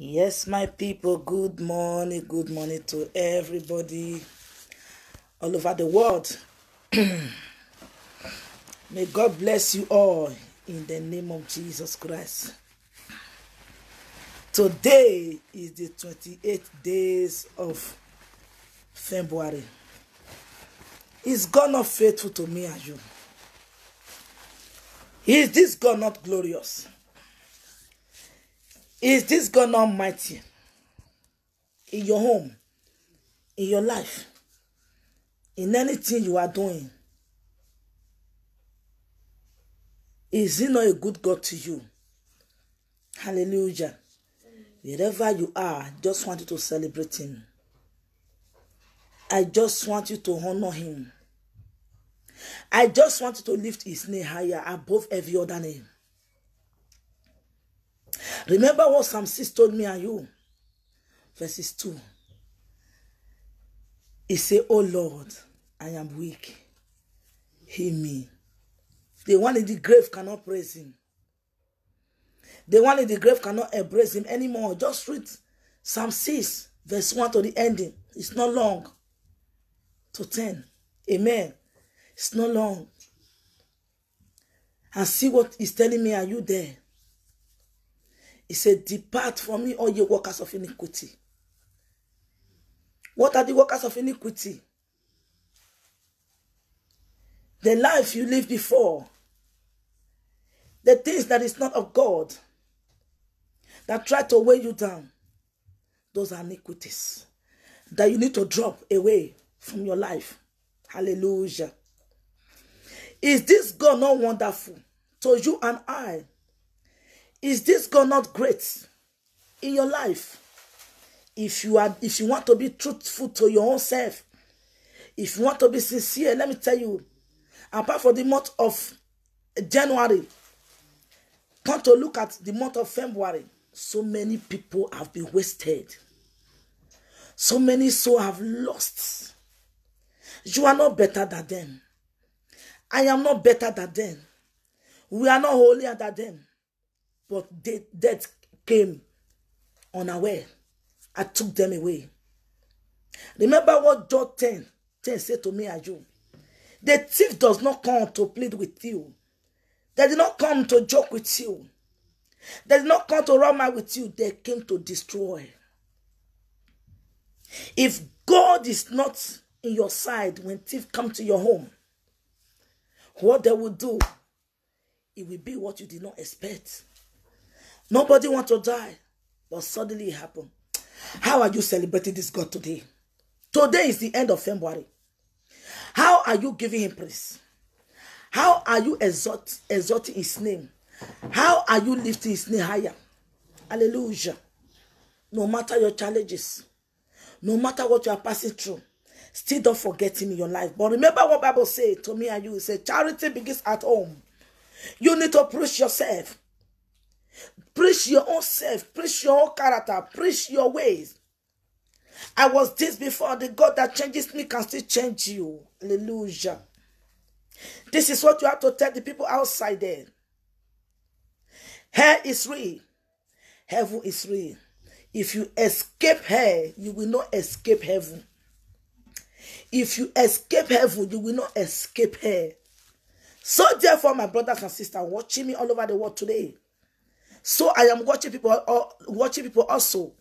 Yes, my people, good morning, good morning to everybody all over the world. May God bless you all in the name of Jesus Christ. Today is the 28th days of February. Is God not faithful to me and you? Is this God not glorious? Is this God not mighty in your home, in your life, in anything you are doing? Is He not a good God to you? Hallelujah. Wherever you are, just want you to celebrate Him. I just want you to honor Him. I just want you to lift His name higher above every other name. Remember what Psalm 6 told me and you. Verses 2. He said, Oh Lord, I am weak. Hear me. The one in the grave cannot praise him. The one in the grave cannot embrace him anymore. Just read Psalm 6, verse 1 to the ending. It's not long. To 10. Amen. It's not long. And see what he's telling me. Are you there? He said, Depart from me, all ye workers of iniquity. What are the workers of iniquity? The life you lived before. The things that is not of God. That try to weigh you down. Those are iniquities. That you need to drop away from your life. Hallelujah. Is this God not wonderful to you and I? Is this God not great in your life? If you are if you want to be truthful to your own self, if you want to be sincere, let me tell you, apart from the month of January, come to look at the month of February. So many people have been wasted. So many souls have lost. You are not better than them. I am not better than them. We are not holier than them. But they, death came unaware. I took them away. Remember what John 10, 10 said to me and you. The thief does not come to plead with you. They did not come to joke with you. They did not come to rob with you. They came to destroy. If God is not in your side when thief come to your home, what they will do, it will be what you did not expect. Nobody want to die, but suddenly it happened. How are you celebrating this God today? Today is the end of February. How are you giving him praise? How are you exalt, exalting his name? How are you lifting his name higher? Hallelujah. No matter your challenges, no matter what you are passing through, still don't forget him in your life. But remember what Bible says to me and you. It says, charity begins at home. You need to preach yourself. Preach your own self. Preach your own character. Preach your ways. I was this before. The God that changes me can still change you. Hallelujah. This is what you have to tell the people outside there. Hell is real. Heaven is real. If you escape hell, you will not escape heaven. If you escape heaven, you will not escape hell. So therefore, my brothers and sisters watching me all over the world today, So I am watching people, uh, watching people also.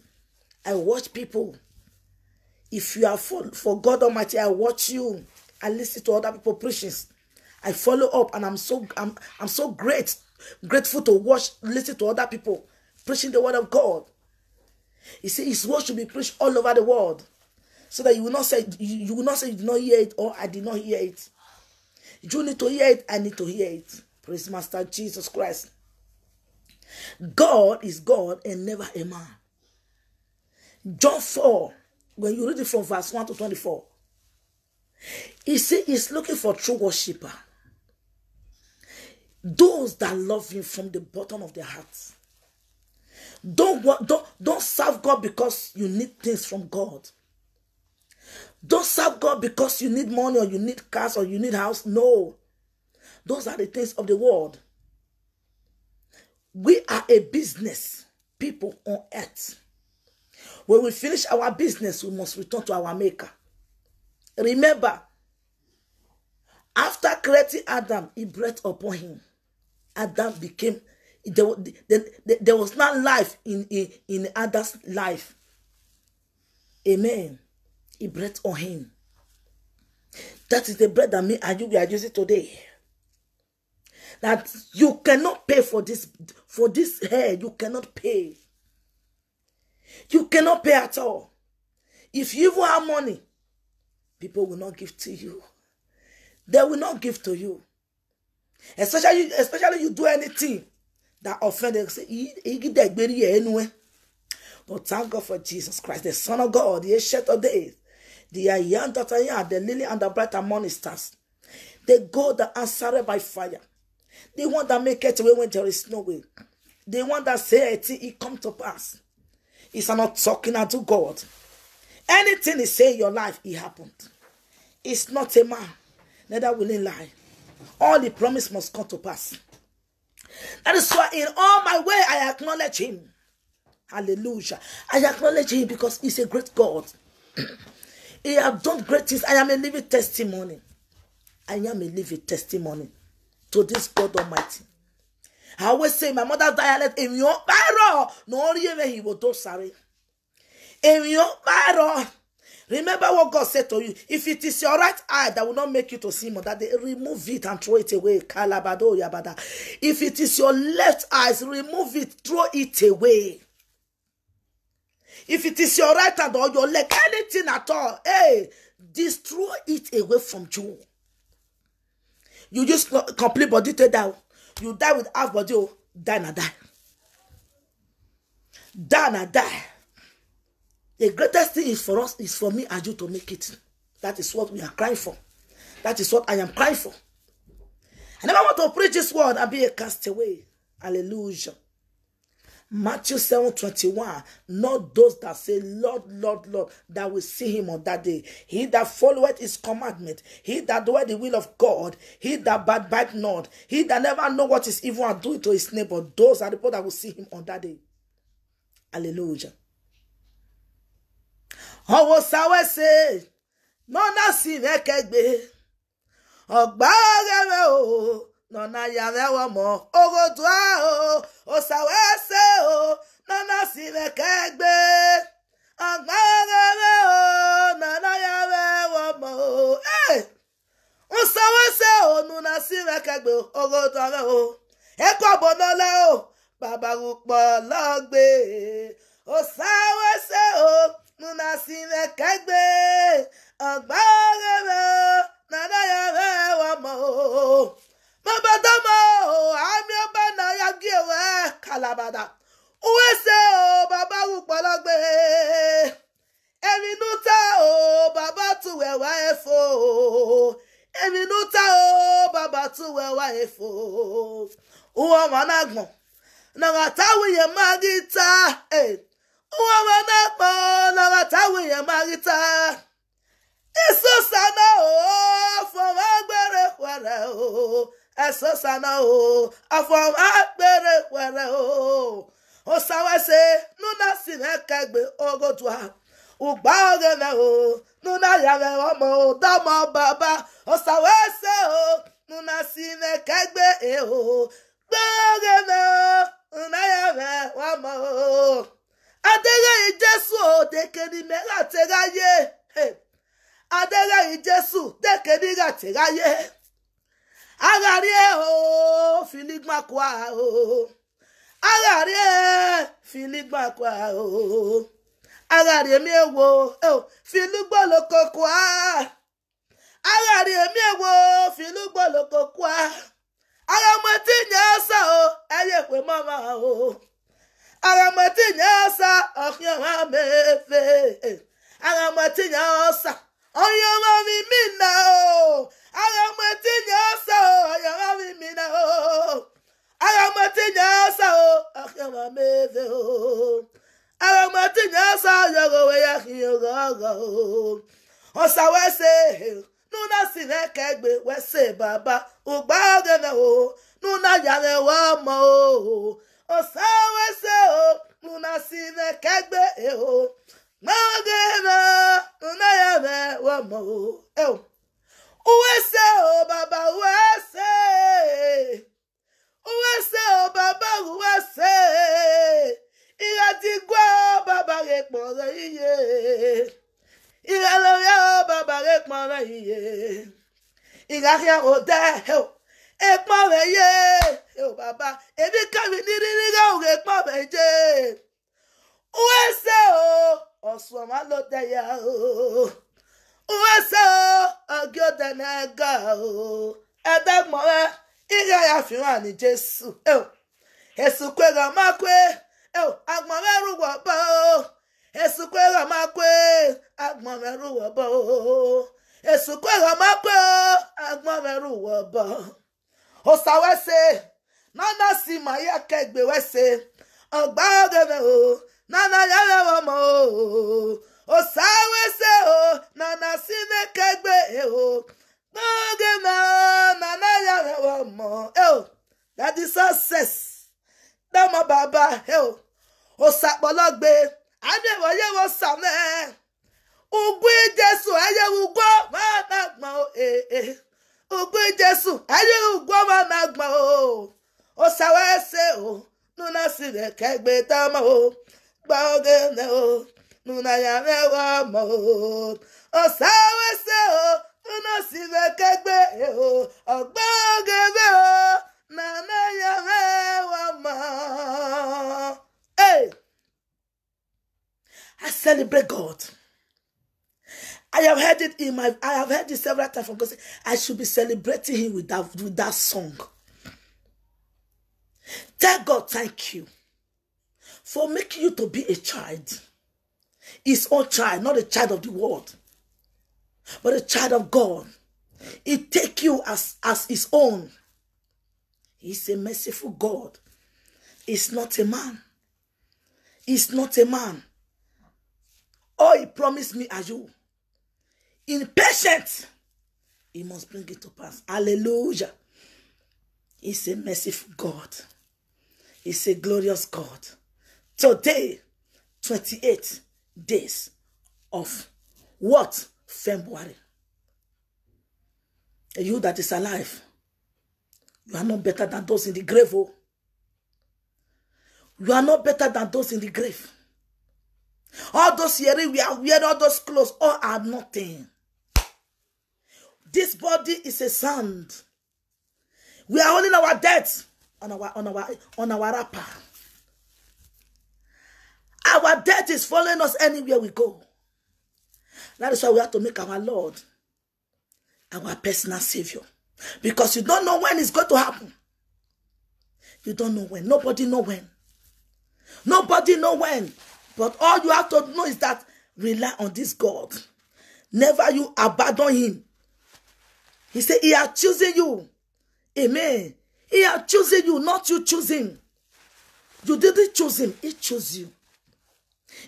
I watch people. If you are for, for God Almighty, I watch you. I listen to other people preachings. I follow up, and I'm so I'm I'm so great, grateful to watch, listen to other people preaching the word of God. He see, his word should be preached all over the world. So that you will not say you, you will not say you did not hear it or I did not hear it. You need to hear it, I need to hear it. Praise Master Jesus Christ. God is God and never a man. John 4, when you read it from verse 1 to 24, he says he's looking for true worshiper. Those that love him from the bottom of their hearts. Don't, don't, don't serve God because you need things from God. Don't serve God because you need money or you need cars or you need house. No. Those are the things of the world. We are a business people on earth. When we finish our business, we must return to our maker. Remember, after creating Adam, he breathed upon him. Adam became there, there, there was not life in, in, in Adam's life. Amen. He breathed on him. That is the bread that me and you we are using today that you cannot pay for this for this hair you cannot pay you cannot pay at all if you even have money people will not give to you they will not give to you especially especially you do anything that offend them say anyway e e. but thank god for jesus christ the son of god the ancient of days the I am that the lily and the bright and stars, the God that answered by fire, The one that make it way when there is no way. The one that saith it, it come to pass. It's not talking unto God. Anything he say in your life, it happened. It's not a man, neither will he lie. All the promise must come to pass. That is why in all my way I acknowledge him. Hallelujah. I acknowledge him because he's a great God. he has done great things. I am a living testimony. I am a living testimony to this God Almighty. I always say my mother dialect, in your barrel, no even he will do sorry. In your barrel. Remember what God said to you. If it is your right eye that will not make you to see more, that they remove it and throw it away. Kalabado yabada. If it is your left eyes, remove it, throw it away. If it is your right hand or your leg, anything at all, hey, destroy it away from you you just complete body take die you die with half body o oh, die na die die na die the greatest thing is for us is for me and you to make it that is what we are crying for that is what i am crying for i never want to preach this word and be a castaway hallelujah Matthew 7 21. Not those that say, Lord, Lord, Lord, that will see him on that day. He that followeth his commandment, he that doeth the will of God, he that bad bite not, he that never know what is evil and do it to his neighbor. Those are the people that will see him on that day. Hallelujah. Ọwọ́ sáwẹ́ ṣe mọ́nà sí mẹ́kẹ́gbẹ́ ọ̀gbá rẹ̀ o. Nana nọna yarewa mo ogodua o osawese o nana sineke gbe agbarere o nana yarewa mo eh! o nsawese o nuna sineke gbe ogodua o ekobonola o babarukpọ lọgbe osawese o nuna sineke gbe agbarere o nana yarewa mo o babatama o amịọba na ya ewe kalabada uwese o baba wukpọlọgbe eminuta o baba tuwewa efo eminuta o baba tuwewa efo ụwa managbọ nọghata nwunye magị taa ụwa managbọ nọghata nwunye magị taa isusana o fọmagbere kwara o esosana o afọm akpere kwere o osawese nuna si mekegbe ogotu ha ugba oge me o nuna ya me ọmọ o dọmọ baba osawese o nuna si mekegbe e o gbe oge me o nuna ya me ọmọ o adéyẹyìn jésù o dèké ni mẹ́rà tẹ́ráyé adéyẹyìn jésù dèké ni tẹ́ráyé. agharie o filigmakwa o agharie filigmakwa o agharie mi ewo e o filigboloko kwa agharie mi ewo filigboloko kwa aghamatinye ọsọ o ẹyẹ ekwe mama o aghamatinye ọsọ ọhịa ha mefe aghamatinye ọsọ. ọyọ ọmọ mi mí nà o ayọ ọmọ tí yẹn ọ sọ o ọyọ ọmọ mi mí nà o ayọ ọmọ tí yẹn ọ sọ o ọkẹ ọmọ mi fẹ o ayọ ọmọ tí yẹn ọ sọ ọyọ òwe yẹ kí n yọgọ ọgọ o ọsà wẹsẹ nuna sì rẹ kẹgbẹ wẹsẹ bàbá ògbà ọgẹ náà o nuna yàrá ẹwà ọmọ o ọsà wẹsẹ o nuna sì rẹ kẹgbẹ o n'oge na nna ya na-ewe o oh, baba uwese uwese o oh, baba uwese ìrètígbọ́ bàbá rẹ̀ pọ̀nrẹ́ iye ìrẹ̀lẹ́rẹ́ bàbá rẹ̀ pọ̀nrẹ́ iye ìrẹ̀lẹ́ òdẹ́ ẹ̀pọ̀n rẹ̀ yé o bàbá èmi kàwé ní rírírẹ́ òrè pọ̀nrẹ́ jẹ́ uwese o. Oh, ọsụmalode ya uwesa ogode na-ego ebe mmọnwe ịga ya fiwani jesu esukwega makwe agbamere ụgbọba esukwega makwe agbamere ụgbọba esukwega makwe agbamere ụgbọba ụsawese nana si ma ya kegbe wese ọgba oge o nana yalewo mo o sawese o nana sinekegbe o n'oge na o nana yalewo mo o that is success dọmọ bàbá o òsàpọ̀lọ́gbe adéwọ̀yẹ̀wò sàmẹ́ ugwu jésù ayé ugwo máa na gbọ̀n o ee ugwu jésù ayé ugwo máa na o o òsàwẹ́sẹ̀ o nuna sílẹ̀ kẹgbẹ́ dámọ́ o. I celebrate God. I have heard it in my I have heard it several times from God. I should be celebrating him with that with that song. Tell God thank you for making you to be a child. His own child, not a child of the world, but a child of God. He take you as, as his own. He's a merciful God. He's not a man. He's not a man. All he promised me are you. In patience, he must bring it to pass. Hallelujah. He's a merciful God. He's a glorious God. Today, 28 days of what? February. you that is alive, you are not better than those in the grave. Oh. You are not better than those in the grave. All those hearing we are wearing, all those clothes, all are nothing. This body is a sand. We are holding our death on our on our on our wrapper. Our debt is following us anywhere we go. That is why we have to make our Lord our personal Savior. Because you don't know when it's going to happen. You don't know when. Nobody know when. Nobody know when. But all you have to know is that rely on this God. Never you abandon him. He said he has chosen you. Amen. He has chosen you, not you choosing. You didn't choose him. He chose you.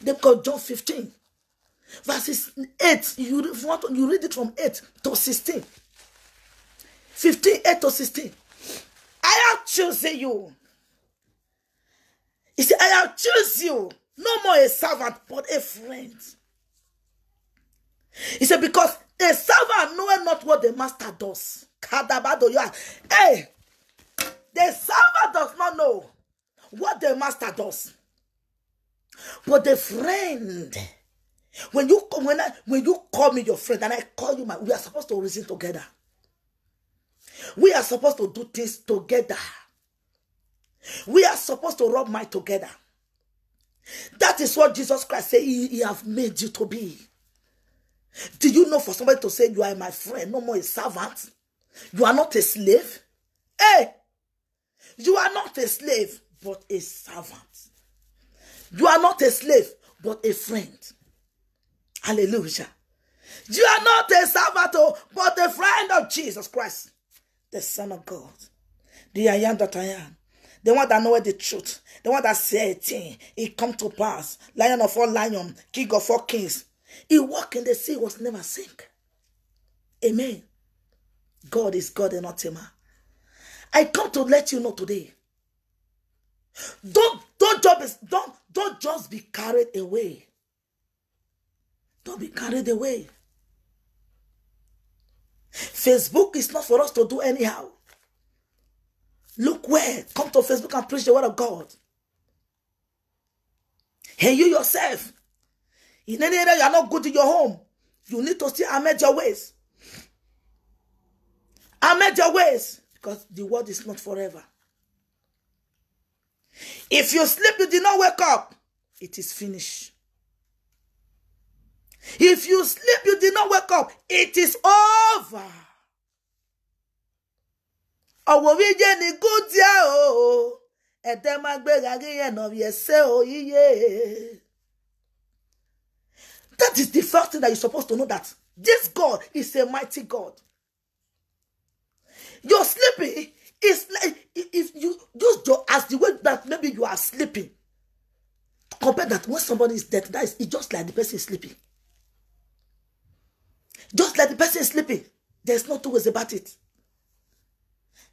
They got John 15, verses 8. You, want you read it from 8 to 16. 15, 8 to 16. I have chosen you. He said, I have chosen you. No more a servant, but a friend. He said, because a servant knoweth not what the master does. kadabado you, Hey, the servant does not know what the master does. But the friend, when you come, when I when you call me your friend and I call you my, we are supposed to reason together. We are supposed to do things together. We are supposed to rub my together. That is what Jesus Christ said he, he have made you to be. Do you know for somebody to say you are my friend, no more a servant? You are not a slave. Hey, you are not a slave, but a servant. You are not a slave, but a friend. Hallelujah. You are not a servant, but a friend of Jesus Christ, the Son of God. The I am that I am. The one that knoweth the truth. The one that say a thing. It come to pass. Lion of all lions, King of all kings. He walk in the sea was never sink. Amen. God is God and not a man. I come to let you know today Don't don't just don't don't just be carried away. Don't be carried away. Facebook is not for us to do anyhow. Look where. Come to Facebook and preach the word of God. And you yourself, in any area you are not good in your home, you need to still amend your ways. Amend your ways because the world is not forever. If you sleep, you did not wake up, it is finished. If you sleep, you did not wake up, it is over. ọ̀wọ́ mi jẹ́ ní gúdíà o ẹ̀tẹ́ máa gbéra yíyan náà yẹsẹ́ o yíyé. That is the first thing that you're supposed to know that this God is a mighty God. You're sleeping It's like if you just your as the way that maybe you are sleeping. Compare that when somebody is dead, that is it. just like the person is sleeping. Just like the person is sleeping. There's no two ways about it.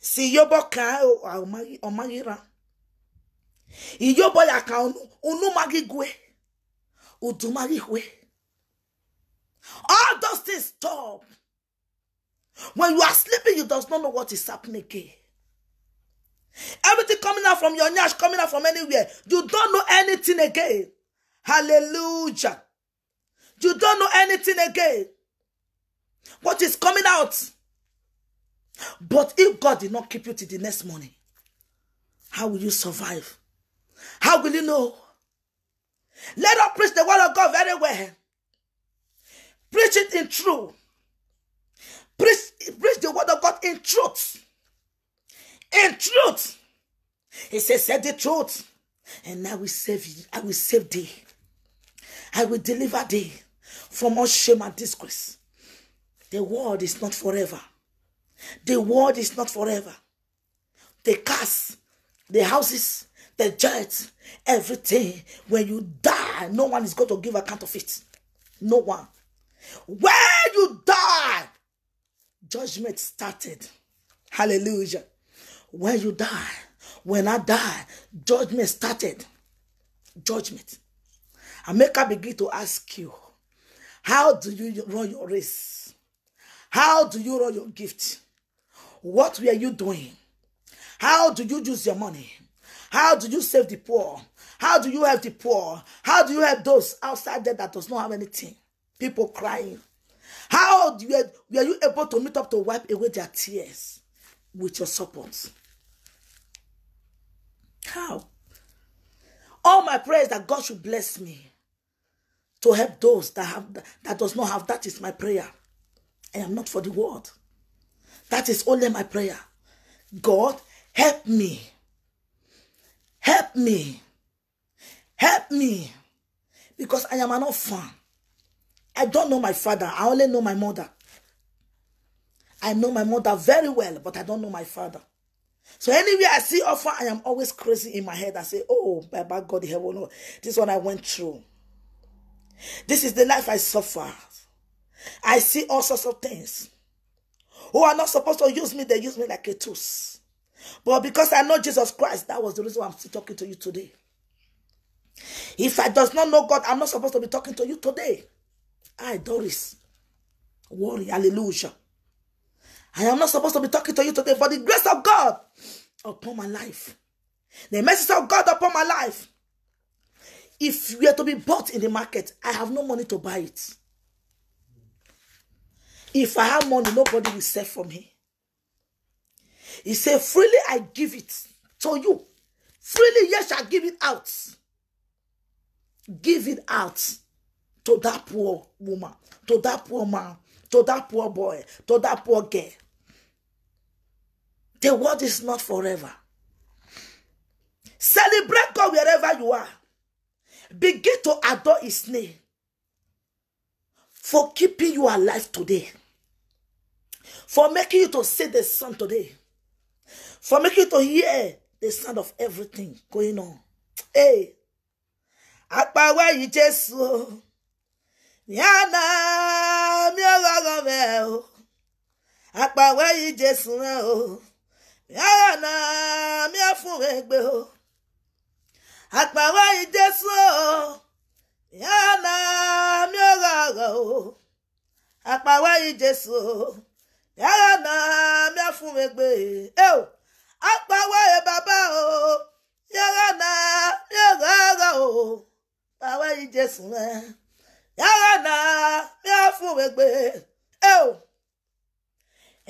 siyobo ka ọmaghịra iyobo ya ka unu maghị gwe udu maghị hwe all those things stop when you are sleeping you does not know what is happening again Everything coming out from your nyash, coming out from anywhere. You don't know anything again. Hallelujah. You don't know anything again. What is coming out? But if God did not keep you till the next morning, how will you survive? How will you know? Let us preach the word of God very well. Preach it in truth. Preach, preach the word of God in truth in truth. He says, Said the truth, and I will save you. I will save thee. I will deliver thee from all shame and disgrace. The world is not forever. The world is not forever. The cars, the houses, the jets, everything. When you die, no one is going to give account of it. No one. When you die, judgment started. Hallelujah. when you die, when I die, judgment started. Judgment. America, begin to ask you, how do you run your race? How do you run your gift? What were you doing? How do you use your money? How do you save the poor? How do you help the poor? How do you help those outside there that does not have anything? People crying. How do you, were you able to meet up to wipe away their tears with your support? How? All my prayers that God should bless me to help those that have that does not have. That is my prayer. I am not for the world. That is only my prayer. God, help me. Help me. Help me. Because I am an orphan. I don't know my father. I only know my mother. I know my mother very well, but I don't know my father. So anyway, I see offer, I am always crazy in my head. I say, oh, my bad, God, the heaven, oh, no. this one I went through. This is the life I suffer. I see all sorts of things. Who are not supposed to use me, they use me like a tooth. But because I know Jesus Christ, that was the reason why I'm still talking to you today. If I does not know God, I'm not supposed to be talking to you today. I, Doris, worry, hallelujah. I am not supposed to be talking to you today, but the grace of God upon my life, the mercy of God upon my life. If you are to be bought in the market, I have no money to buy it. If I have money, nobody will sell for me. He said, Freely I give it to you. Freely, yes, I give it out. Give it out to that poor woman, to that poor man, to that poor boy, to that poor girl. The world is not forever. Celebrate God wherever you are. Begin to adore His name for keeping you alive today, for making you to see the sun today, for making you to hear the sound of everything going on. Hey, Akpawa yi Jesu, Nyana mi ọlọ́rọ̀ rẹ̀ o, Akpawa yi Jesu rẹ̀ o. yàrá náà mi ò fún o àpàwọ̀ ìjẹ́sù o yàrá náà mi ò rọrọ̀ o o yàrá náà mi ò fún e o àpàwọ̀ bàbá o yàrá náà mi ò rọrọ̀ o àpàwọ̀ ìjẹ́sù rẹ̀ yàrá náà mi ò fún e o.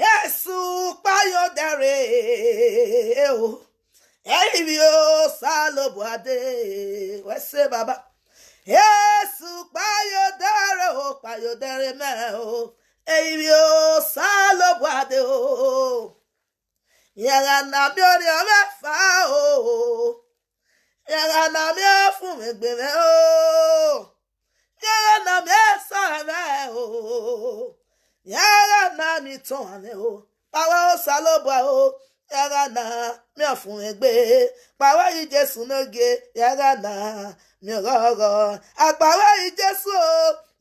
esu payo dere o eribio salo buade wese baba esu payo dere o payo dere me o eribio salo buade o yàrá na mi ò ní ọmọ fa o yàrá na mi ò fún mi gbèmẹ o yàrá na mi ò sọ̀rọ̀ mẹ o. yàrá náà mi tán àmì o pàwọ́ ó sá ló bọ̀ o yàrá náà mi ò fún ẹgbẹ́ pàwọ́ yìí jésù lóge yàrá náà mi ò rọ̀rọ̀ àpàwọ́ yìí jésù o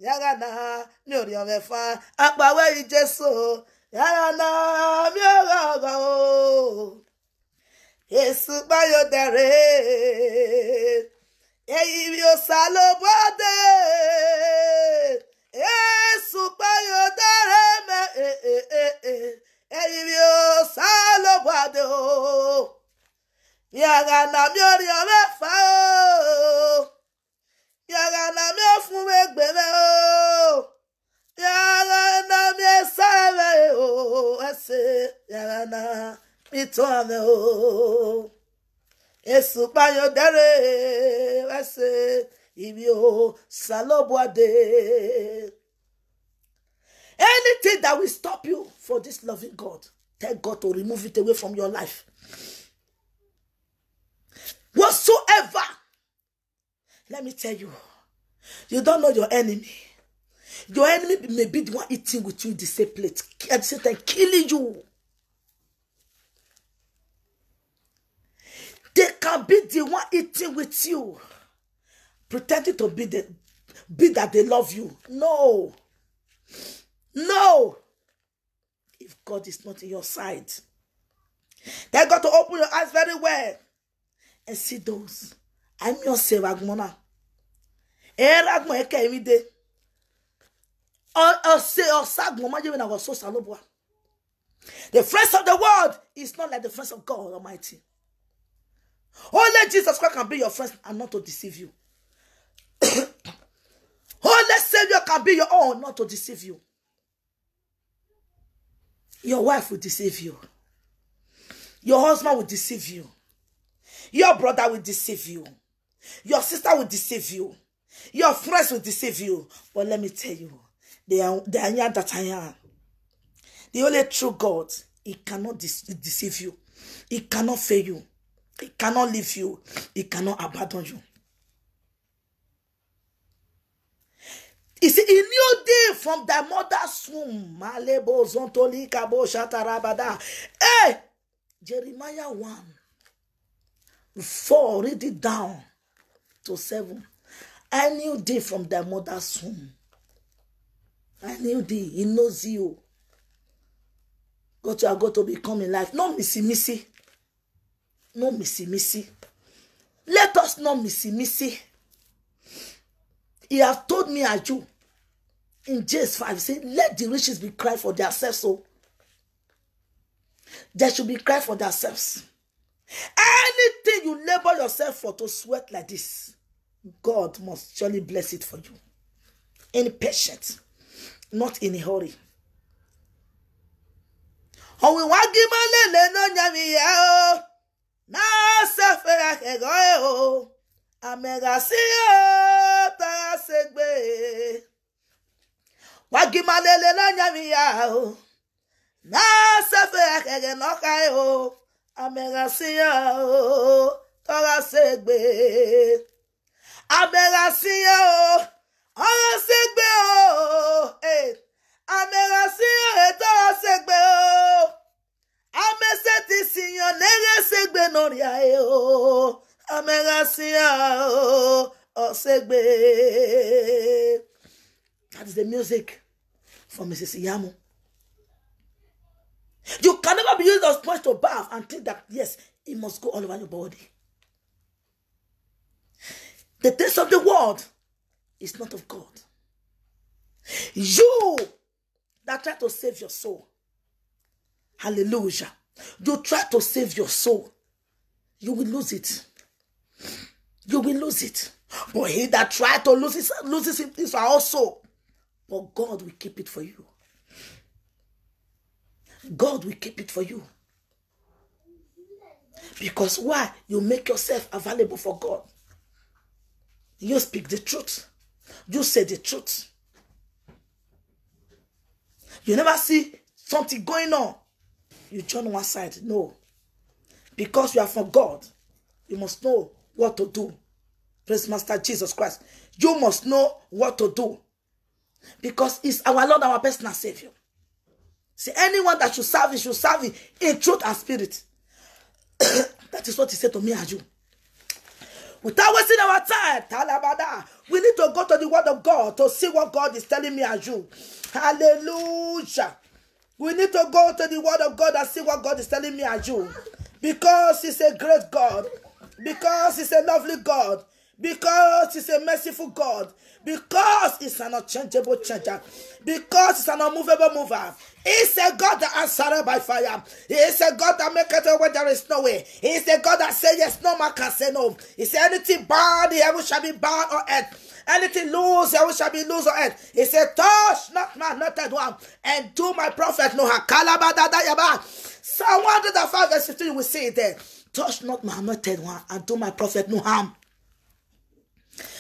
yàrá náà mi ò rí ọmọ ẹ̀fà àpàwọ́ yìí jésù o yàrá náà mi ò rọ̀rọ̀ o èsù báyọ̀ dẹ̀rẹ̀ èyí mi ò sá ló bọ́ dé. Yesu kpọyọ dere me eyiri osalo bwade o miaga na mi orio fa o miaga na mi ofun megbere o miaga na mi esere o ese miaga na mi to ame o Yesu kpọyọ dere ese. Ibio Salobwade. Anything that will stop you for this loving God, thank God to remove it away from your life. Whatsoever, let me tell you, you don't know your enemy. Your enemy may be the one eating with you the same plate, at the same time killing you. They can be the one eating with you pretending to be the be that they love you. No. No. If God is not in your side, they got to open your eyes very well and see those. I'm your Sevagmona. Eragmo eke emi de. Ose osagmo ma jebe na go so salobwa. The friends of the world is not like the friends of God Almighty. Only Jesus Christ can be your friend and not to deceive you. Holy oh, Savior can be your own, not to deceive you. Your wife will deceive you. Your husband will deceive you. Your brother will deceive you. Your sister will deceive you. Your friends will deceive you. But let me tell you, the are, are that I am. The only true God, He cannot de deceive you. He cannot fail you. He cannot leave you. He cannot abandon you. He said, In your day from thy mother's womb, Malebo Zontoli Kabo Shatarabada. Hey! Jeremiah 1, 4, read it down to 7. I knew thee from thy mother's womb. I knew thee. He knows you. God, you are going to become in life. No missy missy. No missy missy. Let us not missy missy. He has told me and you in James 5, say, let the riches be cried for themselves. So oh. they should be cried for themselves. Anything you labor yourself for to sweat like this, God must surely bless it for you. In patience, not in a hurry. Ọ̀wìn wá gí máa lè lè ló yẹ mi o. Náà ṣàfihàn ẹ̀gọ́ ẹ̀ o. Àmẹ̀gà sí o, tá a ṣe wagimalele na nyami ya o na sefe akege noka o amerasi ya o tora segbe amerasi ya o ọrọ segbe o eh. amerasi ya o eh, tora segbe o amese ti siyan nere segbe nori ya o ọsegbe. That is the music for Mrs. Yamu. You can never be used as much to bath until that, yes, it must go all over your body. The taste of the world is not of God. You that try to save your soul. Hallelujah. You try to save your soul. You will lose it. You will lose it. But he that try to lose his, loses his, his soul But God will keep it for you. God will keep it for you. Because why? You make yourself available for God. You speak the truth. You say the truth. You never see something going on. You turn one side. No. Because you are from God, you must know what to do. Praise Master Jesus Christ. You must know what to do because it's our Lord, our personal Savior. See, anyone that should serve, he should serve him in truth and spirit. that is what he said to me and you. Without wasting our time, Talabada, we need to go to the Word of God to see what God is telling me and you. Hallelujah. We need to go to the Word of God and see what God is telling me and you. Because He's a great God. Because He's a lovely God. Because he's a merciful God. Because he's an unchangeable changer. Because he's an unmovable mover. He's a God that answered by fire. He's a God that makes it where there is no way. He's a God that says yes, no man can say no. He said anything bad, the heaven shall be bad on earth. Anything loose, heaven shall be loose on earth. He said, touch not man, not that one. And do my prophet no harm. Psalm 105 verse 15, we see it there. Touch not my anointed one and do my prophet no harm.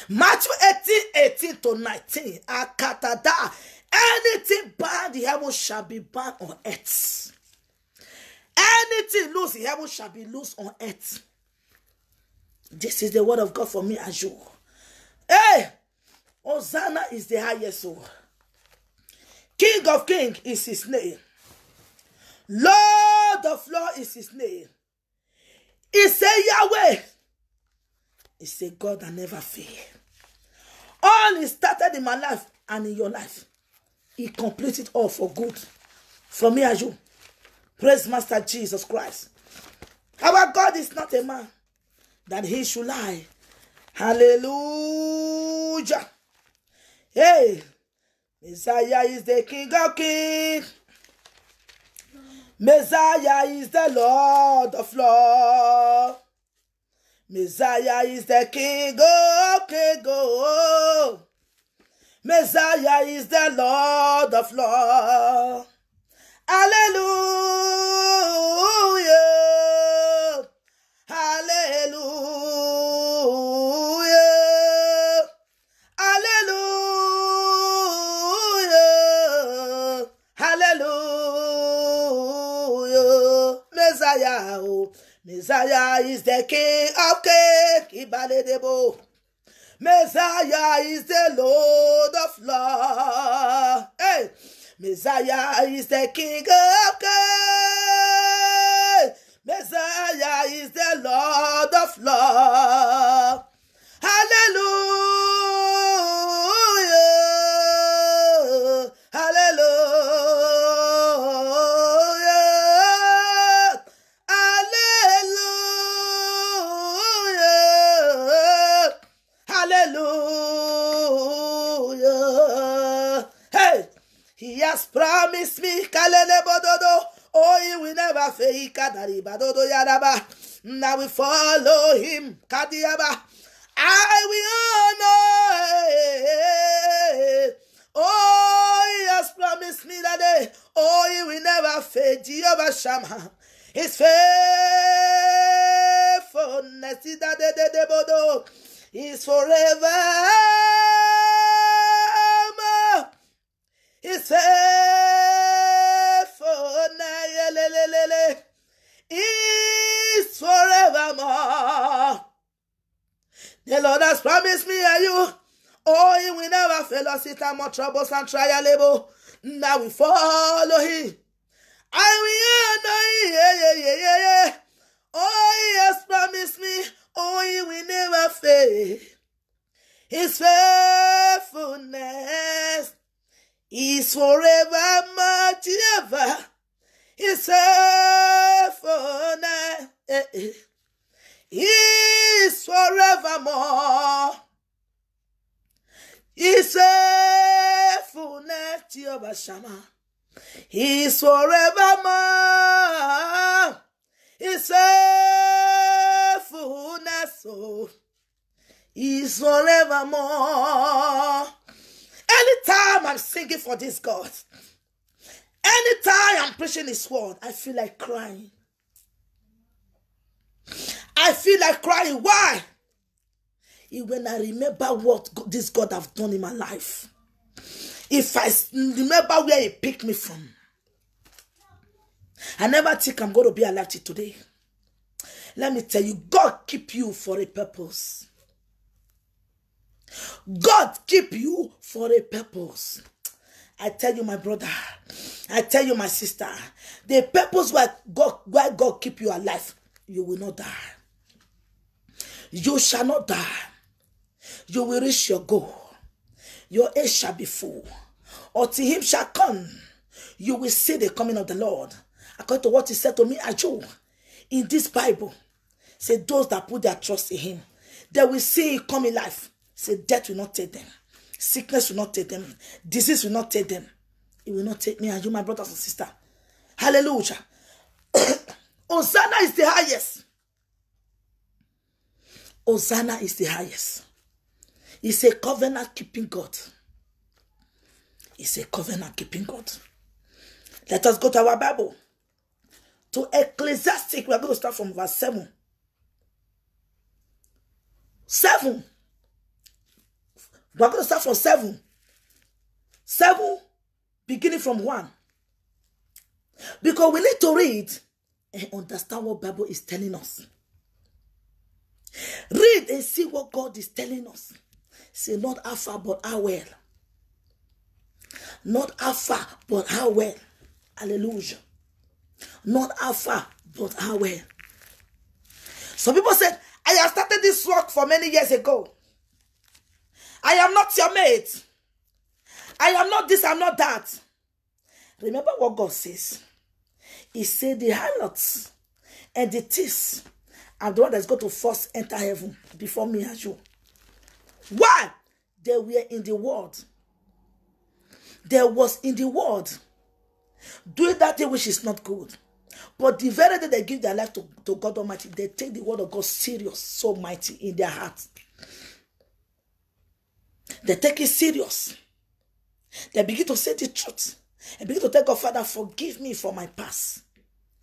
Matthew 18 18 to 19. Akatada. Anything bad in heaven shall be bad on earth. Anything loose in heaven shall be loose on earth. This is the word of God for me and you. Hey, Hosanna is the highest. Soul. Oh. King of King is his name. Lord of Lord is his name. He say Yahweh. He say God that never fail. All he started in my life and in your life, he completed all for good. For me and you. Praise Master Jesus Christ. Our God is not a man that he should lie. Hallelujah. Hey, Messiah is the King of Kings. Messiah is the Lord of Lords. Messiah is the King, oh, King, oh. Messiah is the Lord of Lords. Hallelujah. Hallelujah. Messiah is the king of cake. Ibaledebo. Messiah is the Lord of Lords. Hey. Messiah is the king of Kings. Messiah is the Lord of Lords. Hallelujah. saying we never fail. Kadariba dodo yaraba. Now we follow him. Kadiaba. I will honor. Oh, he has promised me that day. Oh, he will never fail. Jehovah shama. His faithfulness is that the debodo is forever. His faithfulness. Ifonayelelelele is forevermore. The Lord has promised me and you. Oh, he will never fail us in time of troubles and trial labor. Now we follow him. I will yeah, yeah, yeah, yeah, yeah. Oh, he has promised me. Oh, he will never fail. His faithfulness is forever mighty ever. He's forever more, He's forevermore. He's for now. He's forevermore. He's faithfulness, oh, is eh, more. Anytime I'm singing for this God, anytime I'm preaching His word, I feel like crying. I feel like crying. Why? When I remember what this God have done in my life, if I remember where He picked me from, I never think I'm going to be alive today. Let me tell you, God keep you for a purpose. God keep you for a purpose. I tell you, my brother, I tell you, my sister, the purpose why God, why God keep you alive, you will not die. You shall not die. You will reach your goal. Your age shall be full. Unto him shall come. You will see the coming of the Lord. According to what he said to me I do. in this Bible, say those that put their trust in him, they will see it come in life. Say, death will not take them. Sickness will not take them. Disease will not take them. It will not take me and you, my brothers and sisters. Hallelujah. Hosanna is the highest. Hosanna is the highest. He's a covenant keeping God. He's a covenant keeping God. Let us go to our Bible. To Ecclesiastic, we are going to start from verse 7. 7. We're going to start from seven. Seven, beginning from one. Because we need to read and understand what Bible is telling us. Read and see what God is telling us. Say not how far, but how well. Not how far, but how well. Hallelujah. Not how far, but how well. Some people said, I have started this work for many years ago. I am not your mate. I am not this, I'm not that. Remember what God says. He said the harlots and the thieves are the one that's going to first enter heaven before me and you. Why? They were in the world. There was in the world doing that thing which is not good. But the very day they give their life to, to God Almighty, they take the word of God serious, so mighty in their heart. They take it serious. They begin to say the truth. They begin to tell God, Father, forgive me for my past.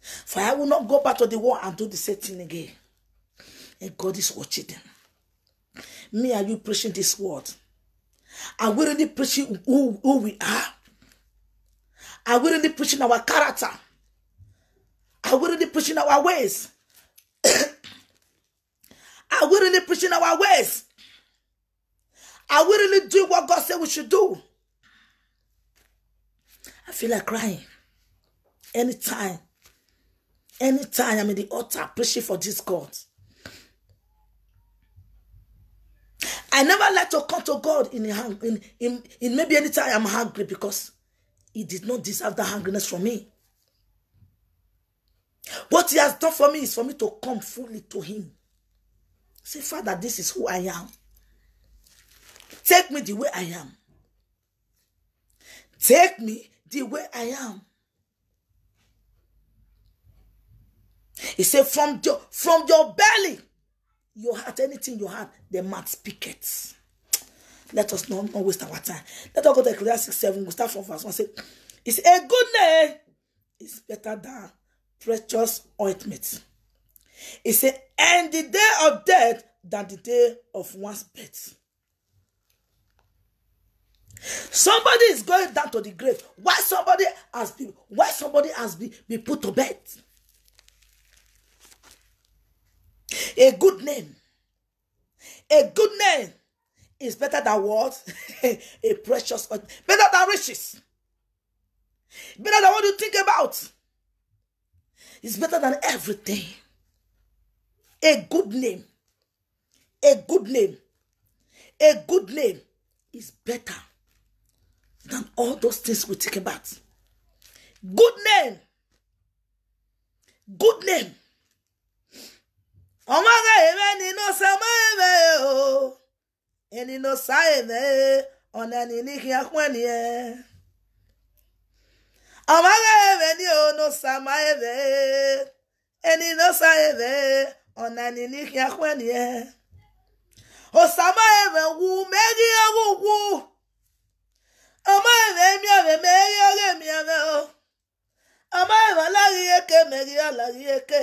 For I will not go back to the world and do the same thing again. And God is watching them. Me, are you preaching this word? Are we really preaching who, who we are? Are we really preaching our character? Are we really preaching our ways? are we really preaching our ways? Are we really doing what God said we should do? I feel like crying. Anytime. Anytime I'm in the altar preaching for this God. I never like to come to God in, in, in, in maybe anytime I'm hungry because he did not deserve that hungriness from me. What he has done for me is for me to come fully to him. Say, Father, this is who I am. Take me the way I am. Take me the way I am. He said, from your, from your belly, your heart, anything you have, the mouth it. Let us not, not waste our time. Let us go to Ecclesiastes 7. we start from verse 1. Say, it's a good name. It's better than precious ointment. It said, and the day of death than the day of one's birth. Somebody is going down to the grave. Why somebody has been why somebody has been, been put to bed? A good name. A good name is better than what? a precious better than riches. Better than what you think about. It's better than everything. A good name. A good name. A good name is better than all those things we think about. Good name. Good name. ọmọ rẹ̀ èrè nínú sẹ́mọ́ èrè o ènìyàn sá èrè ọ̀nà ẹni ní kí á pọ̀ nìyẹn. ọmọ rẹ̀ èrè ní ònà sàmà èrè ènìyàn sá èrè ọ̀nà ẹni ní kí á pọ̀ nìyẹn. òsàmà èrè wù mẹ́rin ọ̀rùn wù ọmọ ìrẹ mi ọrẹ mẹrí ọrẹ mi ọrẹ o ọmọ ìrọ lárí eke mẹrí ọlárí eke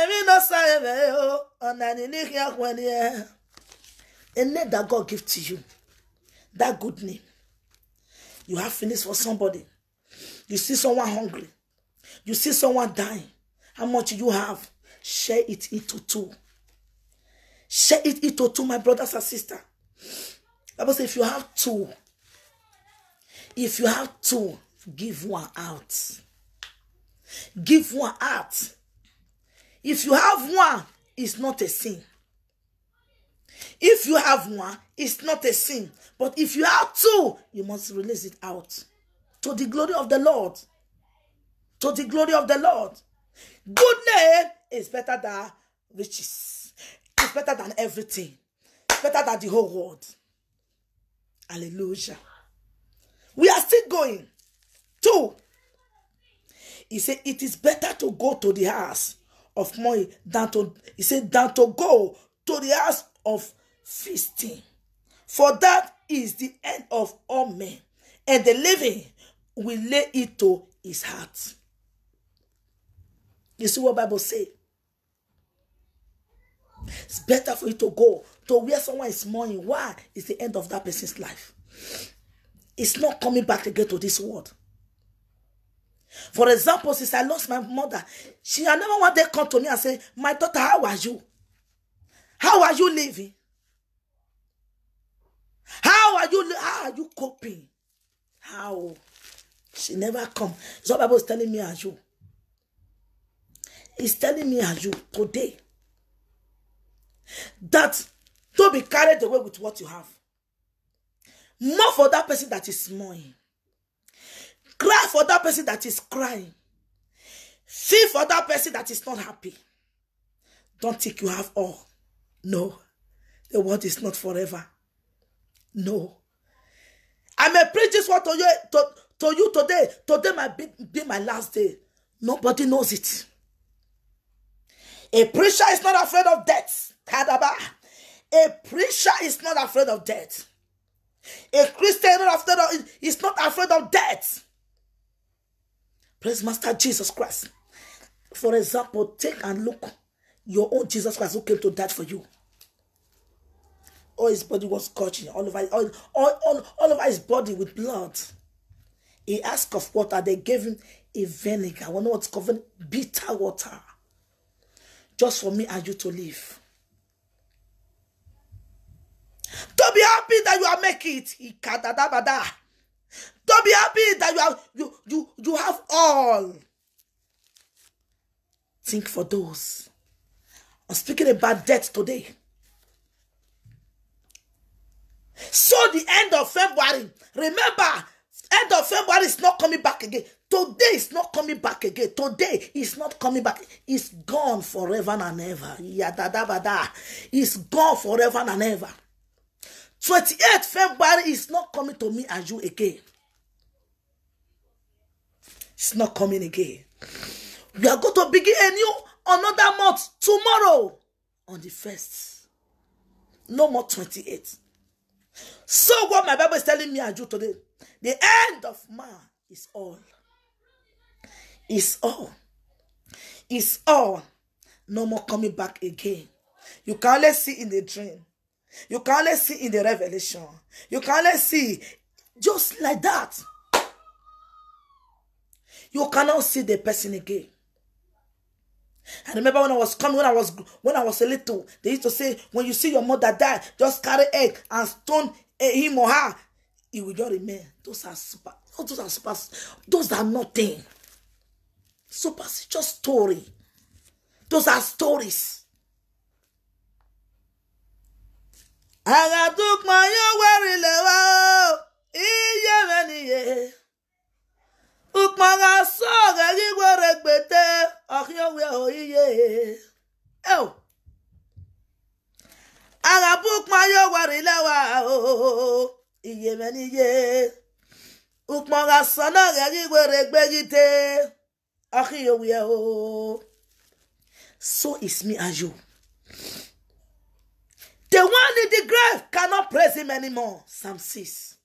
èmi náà sáré rẹ o ọ̀nà nílíkì ọkùnrin ni ẹ. A name that God give to you, that good name, you have finished for somebody. You see someone hungry. You see someone dying. How much you have, share it into two. Share it into two, my brothers and sisters. Bible say if you have two, If you have two, give one out. Give one out. If you have one, it's not a sin. If you have one, it's not a sin. But if you have two, you must release it out. To the glory of the Lord. To the glory of the Lord. Good name is better than riches. It's better than everything. It's better than the whole world. Hallelujah. We are still going. Two. He said, It is better to go to the house of money than to he said than to go to the house of feasting. For that is the end of all men, and the living will lay it to his heart. You see what Bible say? It's better for you to go to where someone is mourning. Why? It's the end of that person's life. It's not coming back again to this world. For example, since I lost my mother, she had never one day come to me and say, My daughter, how are you? How are you living? How are you how are you coping? How? She never come. So Bible is telling me as you. It's telling me as you today that don't be carried away with what you have. Mourn for that person that is mourning. Cry for that person that is crying. Feel for that person that is not happy. Don't think you have all. No. The world is not forever. No. I may preach this word to you, to, to you today. Today might be, be my last day. Nobody knows it. A preacher is not afraid of death. A preacher is not afraid of death. A Christian is not afraid of death. Praise Master Jesus Christ. For example, take and look your own Jesus Christ who came to die for you. All his body was scorching, all over, all, all, all, all over his body with blood. He asked of water. They gave him a vinegar. I wonder what's called bitter water. Just for me and you to live. To be happy that you are making it. To be happy that you are you you you have all. Think for those. I'm speaking about death today. So the end of February, remember, end of February is not coming back again. Today is not coming back again. Today is not coming back. It's gone forever and ever. Yadadabada. It's gone forever and ever. 28 February is not coming to me and you again. It's not coming again. We are going to begin a new another month tomorrow on the first. No more 28. So what my Bible is telling me and you today, the end of man is all. Is all. Is all. No more coming back again. You can only see in the dream. You can only see in the revelation. You can only see just like that. You cannot see the person again. I remember when I was coming, when I was when I was a little, they used to say, when you see your mother die, just carry egg and stone eh, him or her. It will just remain. Those are super. Those are super. Those are nothing. Super. Just story. Those are stories. ara tó pọn yóò wẹ́rì lẹ́wọ́ iye rẹ̀ nìyẹ. ukpọra sọ̀rọ̀ ríwọ̀rẹ̀ gbèdé ọ̀hìnwé òyìyẹ. ara tó pọn yóò wẹ́rì lẹ́wọ́ iye rẹ̀ nìyẹ. ukpọra sọ̀rọ̀ ríwọ̀rẹ̀ gbèdé ọ̀hìnwé òyìyẹ. So is me and you. The one in the grave cannot praise him anymore. Psalm 6.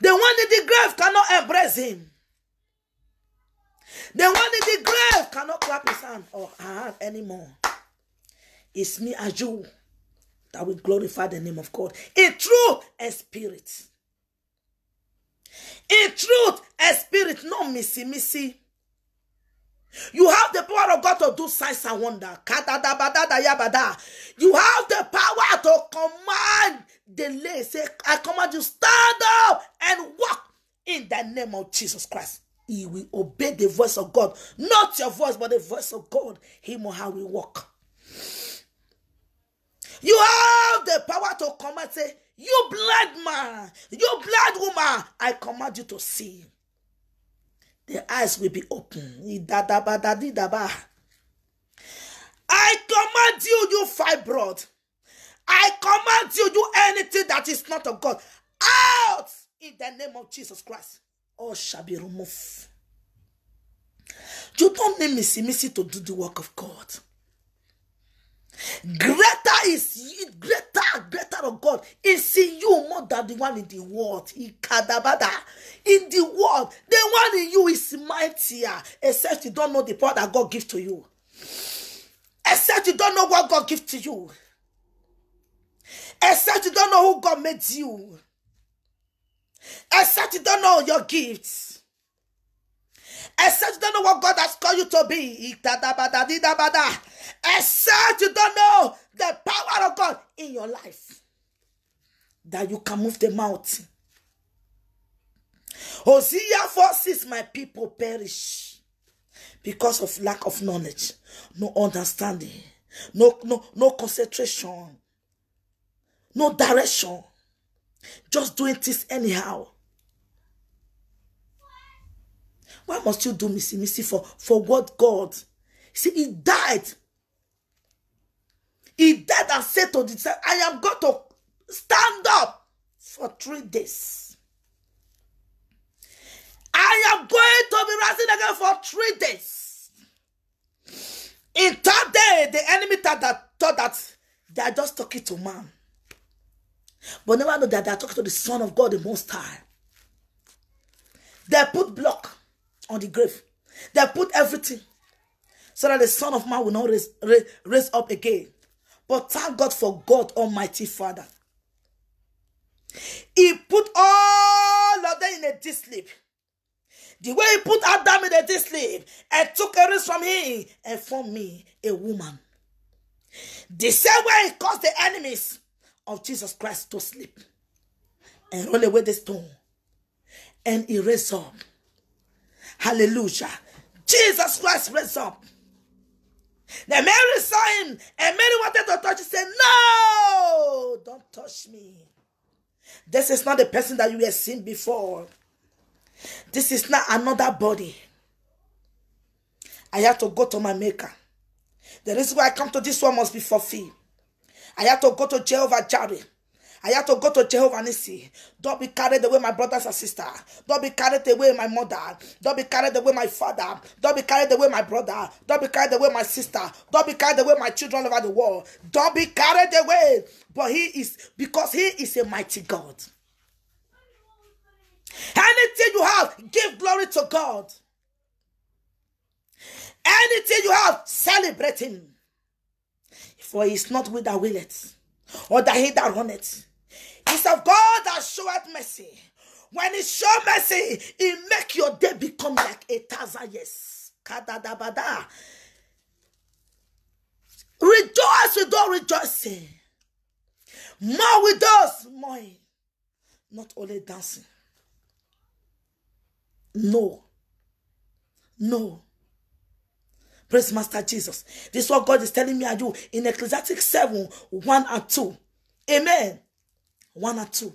The one in the grave cannot embrace him. The one in the grave cannot clap his hand or hand anymore. It's me as you that will glorify the name of God in truth and spirit. In truth and spirit, not missy missy. You have the power of God to do signs and wonder. You have the power to command lay. Say, I command you, stand up and walk in the name of Jesus Christ. He will obey the voice of God, not your voice, but the voice of God. Him or how we walk. You have the power to command. Say, you blind man, you blind woman, I command you to see. Their eyes will be open. I command you, you fibroid. I command you, you anything that is not of God, out in the name of Jesus Christ. All oh, shall be removed. You don't need missy missy to do the work of God. Greater is greater, greater of God is in you more than the one in the world. In the world, the one in you is mightier, except you don't know the power that God gives to you. Except you don't know what God gives to you. Except you don't know who God made you. Except you don't know your gifts except you don't know what God has called you to be. Except you don't know the power of God in your life that you can move the mountain. Hosea 4 6 My people perish because of lack of knowledge, no understanding, no, no, no concentration, no direction, just doing things anyhow. Why must you do missy missy for, for what God? See, he died. He died and said to the disciples, I am going to stand up for three days. I am going to be rising again for three days. In that day, the enemy thought that, thought that they are just talking to man. But never know that they are talking to the Son of God, the Most High. They put block on the grave. They put everything so that the Son of Man will not raise, raise, raise up again. But thank God for God, Almighty Father. He put all of them in a deep sleep. The way he put Adam in a deep sleep and took a risk from him and formed me, a woman. The same way he caused the enemies of Jesus Christ to sleep and roll away the stone and he raised up Hallelujah. Jesus Christ raised up. Then Mary saw him and Mary wanted to touch. She said, No, don't touch me. This is not the person that you have seen before. This is not another body. I have to go to my maker. The reason why I come to this one must be for fulfilled. I have to go to Jehovah Jireh. I had to go to Jehovah and Nisi. Don't be carried away, my brothers and sisters. Don't be carried away, my mother. Don't be carried away, my father. Don't be carried away, my brother. Don't be carried away, my sister. Don't be carried away, my children over the world. Don't be carried away. But he is, because he is a mighty God. Anything you have, give glory to God. Anything you have, celebrate Him. For He is not with that will it, or that he that run it, It's of God that showed mercy. When He show mercy, He make your day become like a thousand years. Kadadabada. Rejoice with those rejoicing. More with us, more. Not only dancing. No. No. Praise Master Jesus. This is what God is telling me and you in Ecclesiastes 7 1 and 2. Amen one or two.